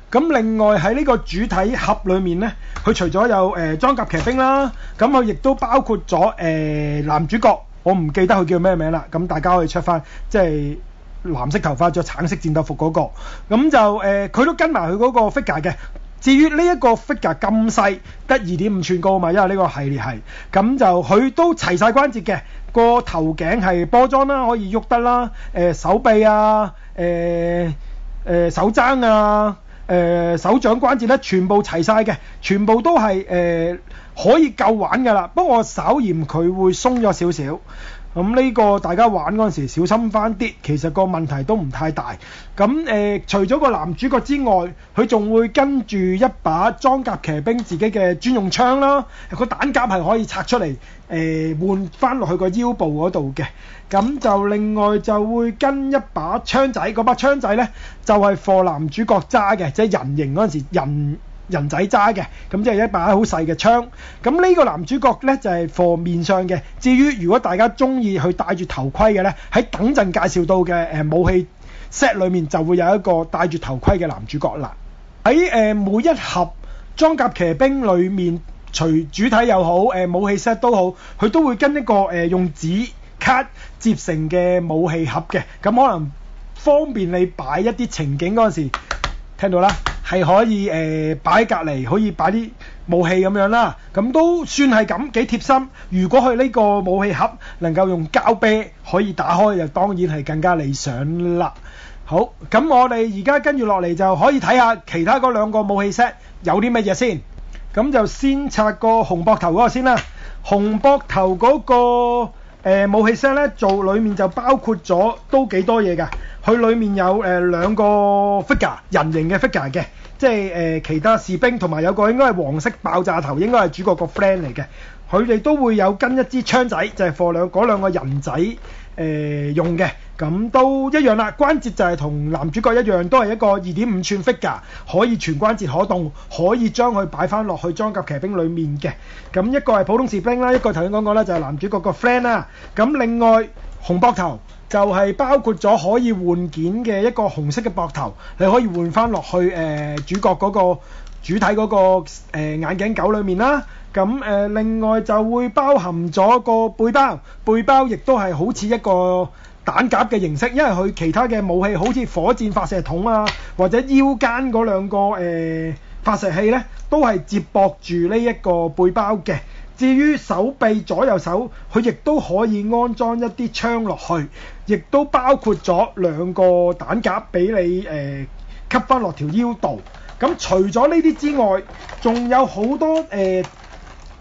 咁另外喺呢個主體盒裏面呢，佢除咗有誒、呃、裝甲騎兵啦，咁佢亦都包括咗誒、呃、男主角。我唔記得佢叫咩名啦。咁大家可以 check 返即係藍色頭髮、着橙色戰鬥服嗰、那個。咁就誒佢、呃、都跟埋佢嗰個 figure 嘅。至於呢一個 figure 咁細，得二點五吋高嘛，因為呢個系列係咁就佢都齊晒關節嘅，個頭頸係波裝啦，可以喐得啦，誒、呃、手臂啊，誒誒手踭啊，誒手掌關節咧全部齊晒嘅，全部都係誒、呃、可以夠玩噶啦，不過我稍嫌佢會鬆咗少少。咁呢、嗯這個大家玩嗰陣時小心翻啲，其實個問題都唔太大。咁、嗯、誒、呃，除咗個男主角之外，佢仲會跟住一把裝甲騎兵自己嘅專用槍啦，這個彈夾係可以拆出嚟誒換翻落去個腰部嗰度嘅。咁、嗯、就另外就會跟一把槍仔，嗰把槍仔呢，就係、是、俾男主角揸嘅，即係人形嗰陣時人。人仔揸嘅，咁即係一把好細嘅槍。咁呢個男主角呢，就係、是、貨面上嘅。至於如果大家中意去戴住頭盔嘅呢，喺等陣介紹到嘅誒、呃、武器 set 裏面就會有一個戴住頭盔嘅男主角啦。喺誒、呃、每一盒裝甲騎兵裏面，除主體又好，誒、呃、武器 set 都好，佢都會跟一個誒、呃、用紙卡接成嘅武器盒嘅。咁可能方便你擺一啲情景嗰陣時，聽到啦。係可以誒擺隔離，可以擺啲武器咁樣啦，咁都算係咁幾貼心。如果佢呢個武器盒能夠用膠啤可以打開，就當然係更加理想啦。好，咁我哋而家跟住落嚟就可以睇下其他嗰兩個武器 set 有啲乜嘢先。咁就先拆個紅膊頭嗰個先啦。紅膊頭嗰個。誒、呃、武器箱咧做裡面就包括咗都幾多嘢㗎，佢裡面有誒、呃、兩個 figure，人形嘅 figure 嘅，即係誒、呃、其他士兵同埋有個應該係黃色爆炸頭，應該係主角個 friend 嚟嘅，佢哋都會有跟一支槍仔，就係貨兩嗰兩個人仔誒、呃、用嘅。咁都一樣啦，關節就係同男主角一樣，都係一個二點五吋 figure，可以全關節可動，可以將佢擺翻落去裝甲騎兵裡面嘅。咁一個係普通士兵啦，一個頭先講過啦，就係男主角個 friend 啦。咁另外紅膊頭就係包括咗可以換件嘅一個紅色嘅膊頭，你可以換翻落去誒主角嗰個主體嗰個誒眼鏡狗裡面啦。咁誒另外就會包含咗個背包，背包亦都係好似一個。彈夾嘅形式，因為佢其他嘅武器好似火箭發射筒啊，或者腰間嗰兩個誒、呃、發射器呢，都係接駁住呢一個背包嘅。至於手臂左右手，佢亦都可以安裝一啲槍落去，亦都包括咗兩個彈夾俾你誒、呃、吸翻落條腰度。咁、嗯、除咗呢啲之外，仲有好多誒。呃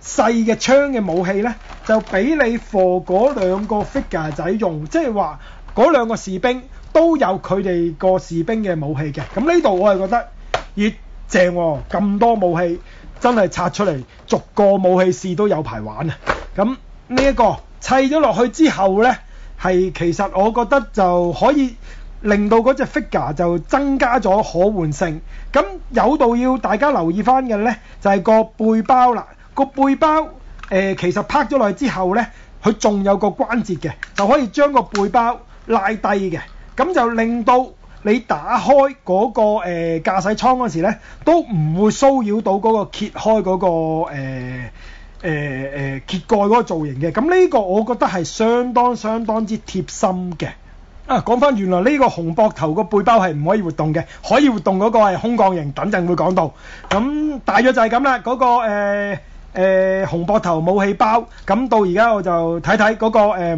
細嘅槍嘅武器呢，就俾你貨嗰兩個 figure 仔用，即係話嗰兩個士兵都有佢哋個士兵嘅武器嘅。咁呢度我係覺得，咦，正喎，咁多武器真係拆出嚟逐個武器試都有排玩啊！咁呢一個砌咗落去之後呢，係其實我覺得就可以令到嗰隻 figure 就增加咗可玩性。咁有道要大家留意翻嘅呢，就係、是、個背包啦。個背包誒、呃、其實拍咗落去之後呢，佢仲有個關節嘅，就可以將個背包拉低嘅，咁就令到你打開嗰、那個誒、呃、駕駛艙嗰時呢，都唔會騷擾到嗰個揭開嗰、那個誒誒、呃呃呃、揭蓋嗰個造型嘅。咁呢個我覺得係相當相當之貼心嘅。啊，講翻原來呢個紅膊頭個背包係唔可以活動嘅，可以活動嗰個係空降型，等陣會,會講到。咁大約就係咁啦，嗰、那個、呃誒、呃、紅膊頭武器包，咁到而家我就睇睇嗰個、呃、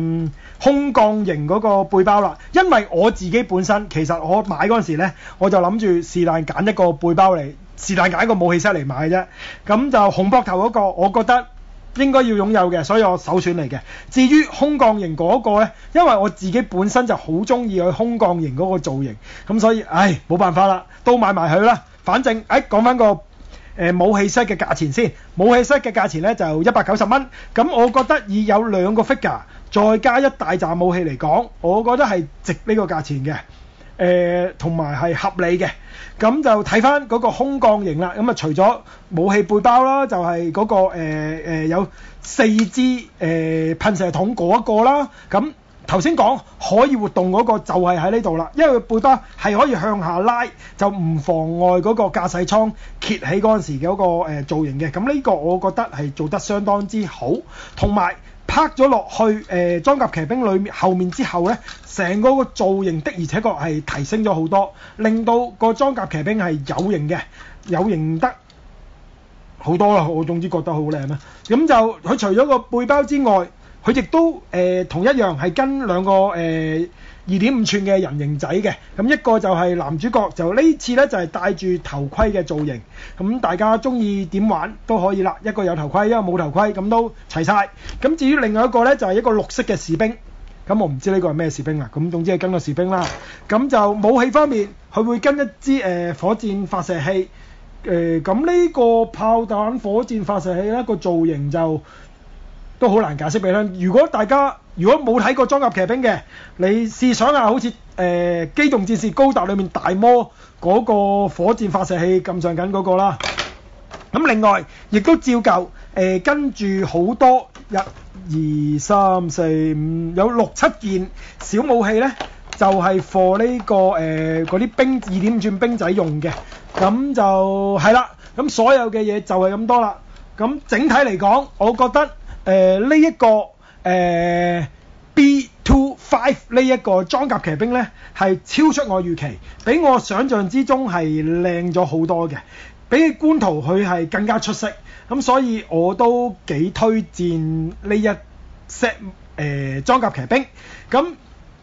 空降型嗰個背包啦。因為我自己本身其實我買嗰陣時咧，我就諗住是但揀一個背包嚟，是但揀一個武器 set 嚟買啫。咁就紅膊頭嗰個，我覺得應該要擁有嘅，所以我首選嚟嘅。至於空降型嗰個咧，因為我自己本身就好鍾意佢空降型嗰個造型，咁所以唉冇、哎、辦法啦，都買埋佢啦。反正誒講返個，誒武器室嘅價錢先，武器室嘅價錢呢就一百九十蚊，咁我覺得以有兩個 figure，再加一大紮武器嚟講，我覺得係值呢個價錢嘅，誒同埋係合理嘅，咁就睇翻嗰個空降型啦，咁啊除咗武器背包啦，就係嗰個誒誒有四支誒噴射筒嗰一個啦，咁、嗯。頭先講可以活動嗰個就係喺呢度啦，因為佢背包係可以向下拉，就唔妨礙嗰個駕駛艙揭起嗰陣時嘅一個、呃、造型嘅。咁、這、呢個我覺得係做得相當之好，同埋拍咗落去誒裝、呃、甲騎兵裏面後面之後呢，成個個造型的而且確係提升咗好多，令到個裝甲騎兵係有型嘅，有型得好多啦。我總之覺得好靚啦。咁就佢除咗個背包之外。佢亦都誒、呃、同一樣係跟兩個誒二點五吋嘅人形仔嘅，咁、嗯、一個就係男主角，就呢次呢就係、是、戴住頭盔嘅造型。咁、嗯、大家中意點玩都可以啦，一個有頭盔，一個冇頭盔，咁都齊晒。咁、嗯、至於另外一個呢，就係、是、一個綠色嘅士兵。咁、嗯、我唔知呢個係咩士、啊、士兵啦。咁總之係跟個士兵啦。咁、嗯、就武器方面，佢會跟一支誒、呃、火箭發射器。誒咁呢個炮彈火箭發射器呢個造型就～都好難解釋俾你聽。如果大家如果冇睇過裝甲騎兵嘅，你試想下，好似誒《機動戰士高達》裏面大魔嗰個火箭發射器撳上緊嗰個啦。咁另外亦都照舊誒，跟住好多一二三四五有六七件小武器咧，就係 for 呢個誒嗰啲兵二點五轉兵仔用嘅。咁就係啦。咁所有嘅嘢就係咁多啦。咁整體嚟講，我覺得。誒呢一個誒、呃、B two five 呢一個裝甲騎兵呢，係超出我預期，比我想象之中係靚咗好多嘅，比起官圖佢係更加出色。咁、嗯、所以我都幾推薦呢一 set 誒裝甲騎兵。咁、嗯、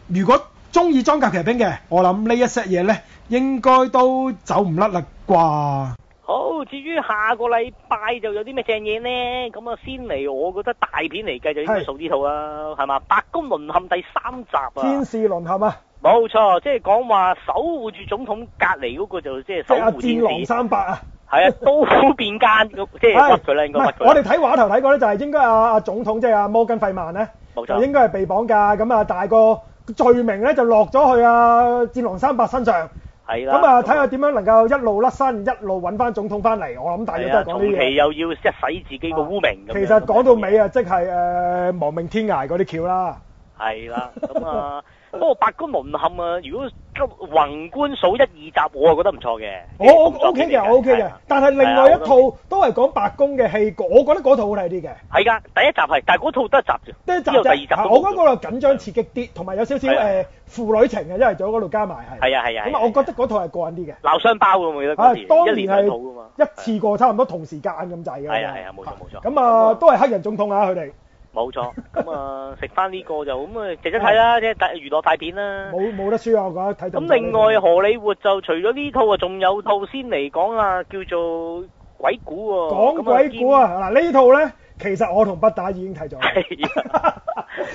如果中意裝甲騎兵嘅，我諗呢一 set 嘢呢應該都走唔甩啦啩。好，至於下個禮拜就有啲咩正嘢咧？咁啊，先嚟，我覺得大片嚟計就應該數呢套啦，係嘛是？白宮淪陷第三集啊，天使淪陷啊錯，冇錯，即係講話守護住總統隔籬嗰個就護，即係守護天使。戰狼三百啊，係啊，刀鋒變奸，即係。 <laughs> 係是，我哋睇話頭睇過咧，就係應該阿阿總統即係阿摩根費曼咧，冇錯錯、啊，應該係被綁架，咁啊，大個罪名咧就落咗去啊，戰狼三百身上。係啦，咁啊，睇下點樣能夠一路甩身，一路揾翻總統翻嚟。我諗大家都係講啲嘢，期又要一洗自己個污名。啊、其實講到尾啊，即係誒亡命天涯嗰啲橋啦。係啦，咁、嗯、啊。 <laughs> 嗯不過白宮淪陷啊！如果咁宏觀數一二集，我係覺得唔錯嘅。我我 OK 嘅，我 OK 嘅。但係另外一套都係講白宮嘅戲，我覺得嗰套好睇啲嘅。係噶，第一集係，但係嗰套得一集啫，因為第二集我覺得嗰度緊張刺激啲，同埋有少少誒父女情啊，因為在嗰度加埋係。係啊係啊。咁我覺得嗰套係過癮啲嘅。鬧雙胞嘅每一年，當年係一次過，差唔多同時間咁滯㗎。係啊係啊，冇錯冇錯。咁啊，都係黑人總統啊，佢哋。冇錯，咁啊食翻呢個就咁啊，值得睇啦，即係大娛樂大片啦。冇冇得輸啊！我睇到咁，另外荷里活就除咗呢套啊，仲有套先嚟講啊，叫做鬼故喎。講鬼故啊！嗱呢套咧，其實我同不打已經睇咗。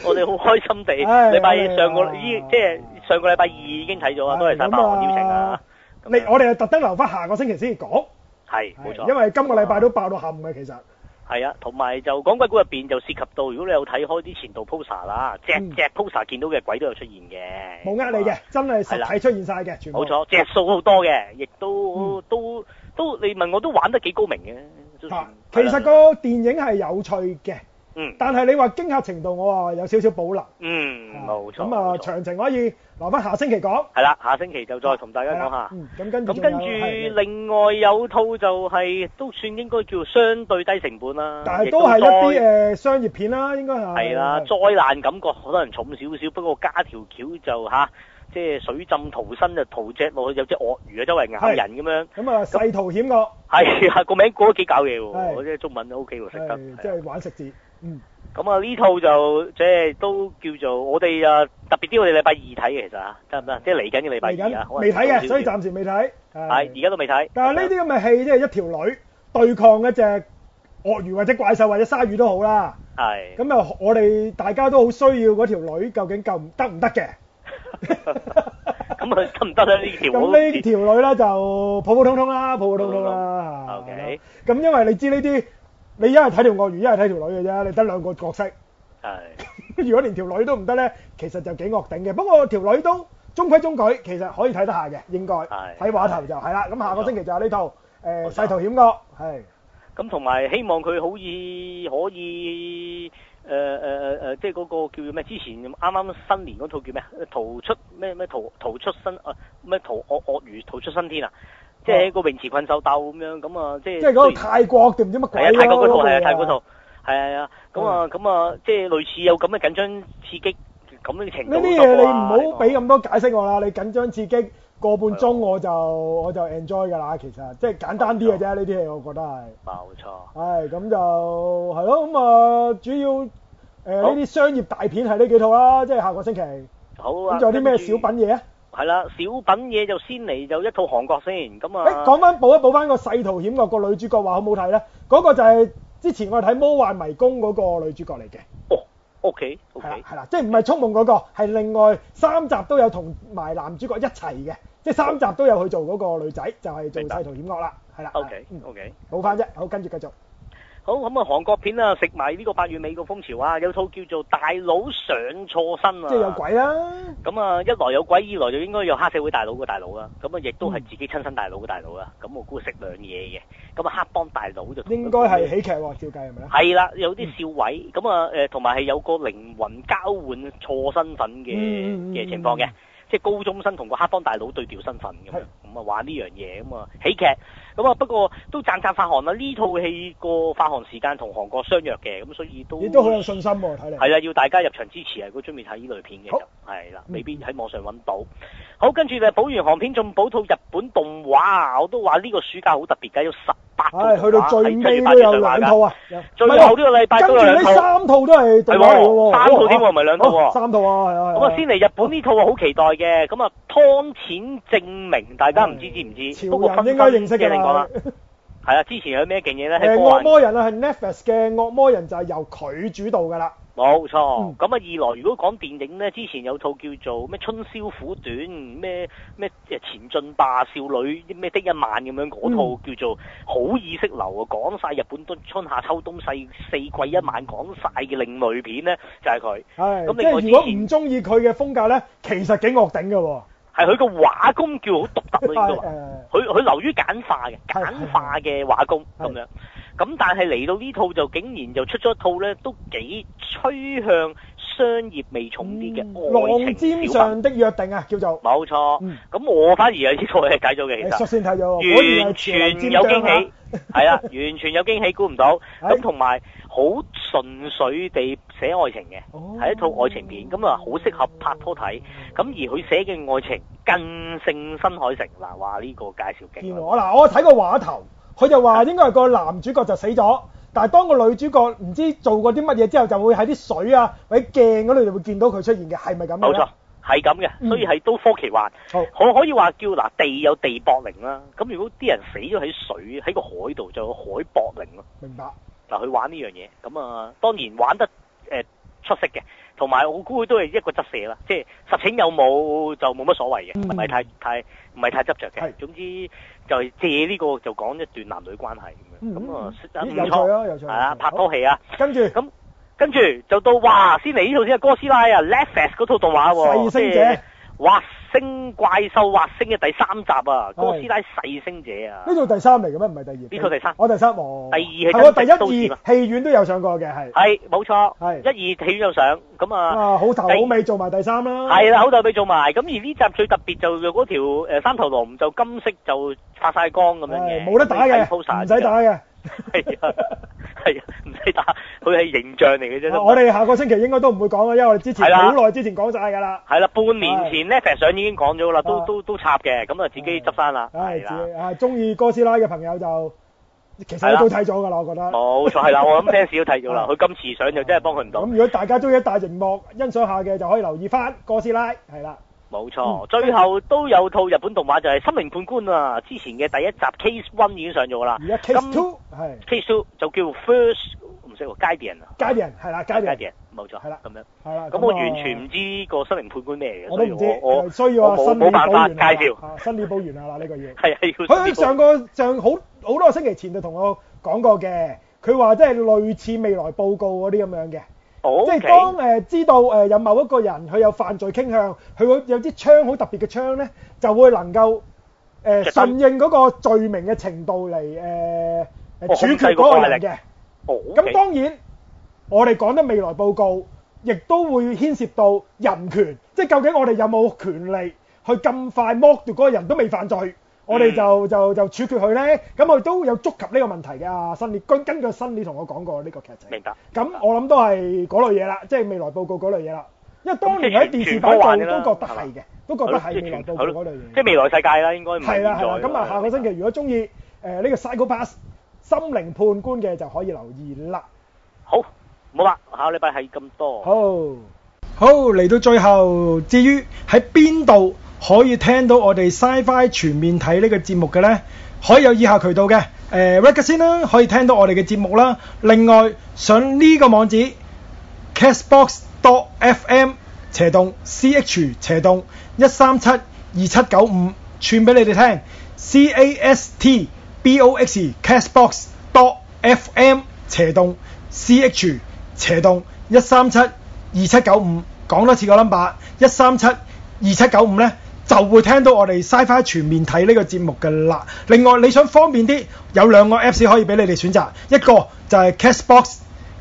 我哋好開心地，禮拜上個依即係上個禮拜二已經睇咗啊！多謝曬八號邀請啊！咁你我哋係特登留翻下個星期先講，係冇錯，因為今個禮拜都爆到冚嘅其實。係啊，同埋就講鬼故入邊就涉及到，如果你有睇開啲前導 poster 啦，隻隻 poster 見到嘅鬼都有出現嘅，冇呃你嘅，係吧？真係實體出現晒嘅，冇錯、啊，隻數好多嘅，亦都、嗯、都都，你問我都玩得幾高明嘅。其實個電影係有趣嘅。嗯，但係你話驚嚇程度，我話有少少保留。嗯，冇錯。咁啊，詳情可以留翻下星期講。係啦，下星期就再同大家講下。咁跟住另外有套就係都算應該叫相對低成本啦。但係都係一啲誒商業片啦，應該係。係啦，災難感覺可能重少少，不過加條橋就吓，即係水浸逃生就逃只落去，有隻鱷魚啊，周圍咬人咁樣。咁啊，細逃險個。係係，個名過得幾搞嘢喎？即係中文都 OK 喎，識得。即係玩食字。嗯，咁啊呢套就即係都叫做我哋啊特別啲，我哋禮拜二睇嘅，其實啊，得唔得？即係嚟緊嘅禮拜二啊，未睇嘅，所以暫時未睇。係，而家都未睇。但係呢啲咁嘅戲，即係一條女對抗一隻鱷魚或者怪獸或者鯊魚都好啦。係。咁啊，我哋大家都好需要嗰條女，究竟夠唔得唔得嘅？咁啊，得唔得咧？呢條咁呢條女咧就普普通通啦，普普通通啦。OK。咁因為你知呢啲。你一係睇條鱷魚，一係睇條女嘅啫，你得兩個角色。係。如果連條女都唔得咧，其實就幾惡頂嘅。不過條女都中規中矩，其實可以睇得下嘅，應該。係。睇話頭就係啦，咁下個星期就係呢套誒《細頭險惡》。係。咁同埋希望佢可以可以誒誒誒誒，即係嗰個叫咩？之前啱啱新年嗰套叫咩？逃出咩咩逃逃出新啊咩逃鱷鱷魚逃出生天啊！即係個泳池困獸鬥咁樣，咁啊即係即係嗰個泰國定唔知乜鬼？係啊，泰國嗰套係啊，泰國套係啊係啊，咁啊咁啊，即係類似有咁嘅緊張刺激咁樣嘅情況。呢啲嘢你唔好俾咁多解釋我啦，你緊張刺激個半鐘我就我就 enjoy 㗎啦，其實即係簡單啲嘅啫，呢啲嘢我覺得係冇錯。係咁就係咯，咁啊主要誒呢啲商業大片係呢幾套啦，即係下個星期。好啊。咁仲有啲咩小品嘢啊？係啦，小品嘢就先嚟就一套韓國先咁啊！誒，講翻補一補翻個《細逃險惡》那，個女主角話好唔好睇咧？嗰個就係之前我哋睇《魔幻迷宮》嗰個女主角嚟嘅。哦，O K，O K，係啦，即係唔係《充夢》嗰個，係另外三集都有同埋男主角一齊嘅，即係三集都有去做嗰個女仔，就係、是、做細圖險《細逃險惡》啦，係啦、哦。O K，O K，補翻啫，好，跟住繼續。好咁啊、嗯，韓國片啦，食埋呢個八月美國風潮啊，有套叫做《大佬上錯身》啊，即係有鬼啦。咁啊，一來有鬼，二來就應該有黑社會大佬嘅大佬啦。咁啊，亦都係自己親生大佬嘅大佬啦。咁我估食兩嘢嘅，咁啊黑幫大佬就同應該係喜劇喎，照計係咪咧？係啦，有啲笑位，咁啊誒，同埋係有個靈魂交換錯身份嘅嘅情況嘅，即係高中生同個黑幫大佬對調身份咁咁啊玩呢樣嘢咁啊喜劇，咁、嗯、啊不過都讚讚發行啦呢套戲個發行時間同韓國相約嘅，咁、嗯、所以都你都好有信心喎、啊，睇嚟係啦，要大家入場支持啊！嗰鍾意睇呢類片嘅，係啦好，未必喺網上揾到。好，跟住啊補完航片，仲補套日本動畫我都話呢個暑假好特別嘅，有十八套動畫係追翻有兩套啊，最後呢個禮拜都到、啊、三套都係對喎，三套添喎唔係兩套喎、啊，三套啊！咁啊,啊,啊,啊,啊先嚟日本呢套啊好期待嘅，咁啊湯錢證明大家。唔知知唔知？潮、嗯、人應該認識㗎啦。係啊、 <laughs> 嗯，之前有咩勁嘢咧？誒，惡魔人啊，係 Netflix 嘅惡魔人就係由佢主導㗎啦。冇錯。咁啊，二來如果講電影咧，之前有套叫做咩春宵苦短咩咩誒前進吧少女咩的一晚咁樣，嗰套叫做好意識流啊，講晒日本冬春夏秋冬四四季一晚講晒嘅另類片咧，就係佢。係。咁你如果唔中意佢嘅風格咧，其實幾惡頂㗎喎。係佢個畫工叫好獨特咯，應該 <laughs> 是，佢佢流於簡化嘅，是簡化嘅畫工咁是樣，咁但係嚟到呢套就竟然就出咗一套咧，都幾趨向商業味重啲嘅愛情小說。嗯、浪尖上的約定啊，叫做冇錯，咁錯、嗯、我反而呢套係解咗嘅，其實先睇咗，完全有驚喜，係啦，完全有驚喜估唔到，咁同埋。好純粹地寫愛情嘅，係、哦、一套愛情片，咁啊好適合拍拖睇。咁而佢寫嘅愛情更勝新海誠嗱，話呢、呢個介紹勁。我嗱，我睇個話頭，佢就話應該係個男主角就死咗，但係當個女主角唔知做過啲乜嘢之後，就會喺啲水啊、喺鏡嗰度就會見到佢出現嘅，係咪咁啊？冇錯，係咁嘅，所以係都科技幻。可、嗯、可以話叫嗱，地有地縛靈啦。咁如果啲人死咗喺水喺個海度，就有海縛靈咯。明白。嗱，去玩呢樣嘢，咁、嗯、啊，當然玩得誒、呃、出色嘅，同埋我估都係一個質素啦，即係實情有冇就冇乜所謂嘅，唔係太太唔係太執着嘅，是總之就借呢個就講一段男女關係咁、嗯、樣，咁啊唔錯啊，唔、嗯嗯、錯，係啊，拍拖戲啊，跟住咁、嗯、跟住就到哇，先嚟呢套先啊，哥斯拉啊，Netflix 嗰好套動畫喎、啊，惑星怪獸惑星嘅第三集啊，哥斯拉噬星者啊，呢度第三嚟嘅咩？唔係第二，的確第三，我第三喎，第二係我第一、二戲院都有上過嘅，係係冇錯，係一二戲院有上，咁啊，好頭好尾做埋第三啦，係啦，好頭尾做埋，咁而呢集最特別就就條誒三頭龍就金色就發晒光咁樣嘅，冇得打嘅，pose 唔使打嘅。係啊，係啊，唔使打，佢係形象嚟嘅啫。我哋下個星期應該都唔會講啦，因為我哋之前好耐之前講晒噶啦。係啦，半年前咧其實相已經講咗啦，都都都插嘅，咁啊自己執翻啦。係啦，啊中意哥斯拉嘅朋友就其實都睇咗噶啦，我覺得冇錯係啦，我諗 fans 都睇咗啦。佢今次相就真係幫佢唔到。咁如果大家中意一大熒幕欣賞下嘅，就可以留意翻哥斯拉，係啦。冇錯，最後都有套日本動畫就係《心靈判官》啊，之前嘅第一集 Case One 已經上咗啦，而家 Case Two 就叫 First，唔識喎，街店啊，街人，係啦，街店，人。冇錯，係啦，咁樣，係啦，咁我完全唔知個《心靈判官》咩嚟嘅，我都唔知，我所以我冇辦法介紹啊，心靈補完啊啦，呢個嘢，佢佢上個上好好多個星期前就同我講過嘅，佢話即係類似未來報告嗰啲咁樣嘅。即係當誒知道誒有某一個人佢有犯罪傾向，佢會有啲槍好特別嘅槍咧，就會能夠誒順應嗰個罪名嘅程度嚟誒處決嗰個人嘅。哦，好犀利嘅力量。哦，咁當然我哋講嘅未來報告，亦都會牽涉到人權，即係究竟我哋有冇權利去咁快剝奪嗰個人都未犯罪？我哋就就就處決佢咧，咁佢都有觸及呢個問題嘅。阿新，你根根據新你同我講過呢個劇集，明白。咁我諗都係嗰類嘢啦，即係未來報告嗰類嘢啦。因為當年喺電視頻道都覺得係嘅，都覺得係未來報告嗰類嘢。即係未來世界啦，應該唔在。係啦係啦，咁啊，下個星期如果中意誒呢個《Psycho Pass》心靈判官嘅，就可以留意啦。好，冇啦，下個禮拜係咁多。好，好，嚟到最後，至於喺邊度，可以聽到我哋 Sci-Fi 全面睇呢個節目嘅呢？可以有以下渠道嘅，誒 Record 先啦，可以聽到我哋嘅節目啦。另外上呢個網址 castbox.fm 斜洞 ch 斜洞一三七二七九五串俾你哋聽，castbox.fm CASTBOX 斜洞 ch 斜洞一三七二七九五，講多次個 number 一三七二七九五咧。就會聽到我哋 Sci-Fi 全面睇呢個節目嘅啦。另外，你想方便啲，有兩個 Apps 可以俾你哋選擇，一個就係 Castbox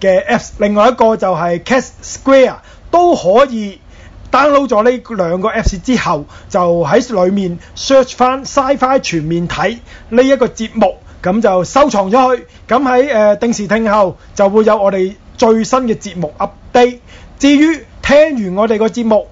嘅 Apps，另外一個就係 Cast Square，都可以 download 咗呢兩個 Apps 之後，就喺裏面 search 翻 Sci-Fi 全面睇呢一個節目，咁就收藏咗去。咁喺誒定時聽後就會有我哋最新嘅節目 update。至於聽完我哋個節目，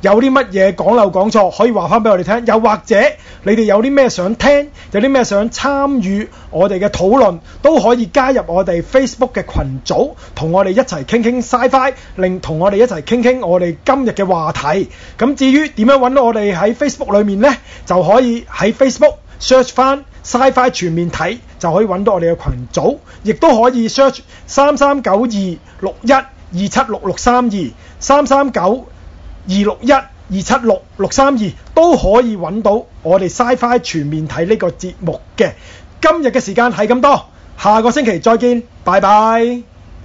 有啲乜嘢講漏講錯，可以話翻俾我哋聽。又或者你哋有啲咩想聽，有啲咩想參與我哋嘅討論，都可以加入我哋 Facebook 嘅群組，同我哋一齊傾傾 Sci-Fi，令同我哋一齊傾傾我哋今日嘅話題。咁至於點樣揾到我哋喺 Facebook 裏面呢？就可以喺 Facebook search 翻 Sci-Fi 全面睇，就可以揾到我哋嘅群組。亦都可以 search 三三九二六一二七六六三二三三九。二六一、二七六、六三二都可以揾到我哋 Sci-Fi 全面睇呢個節目嘅。今日嘅時間係咁多，下個星期再見，拜拜。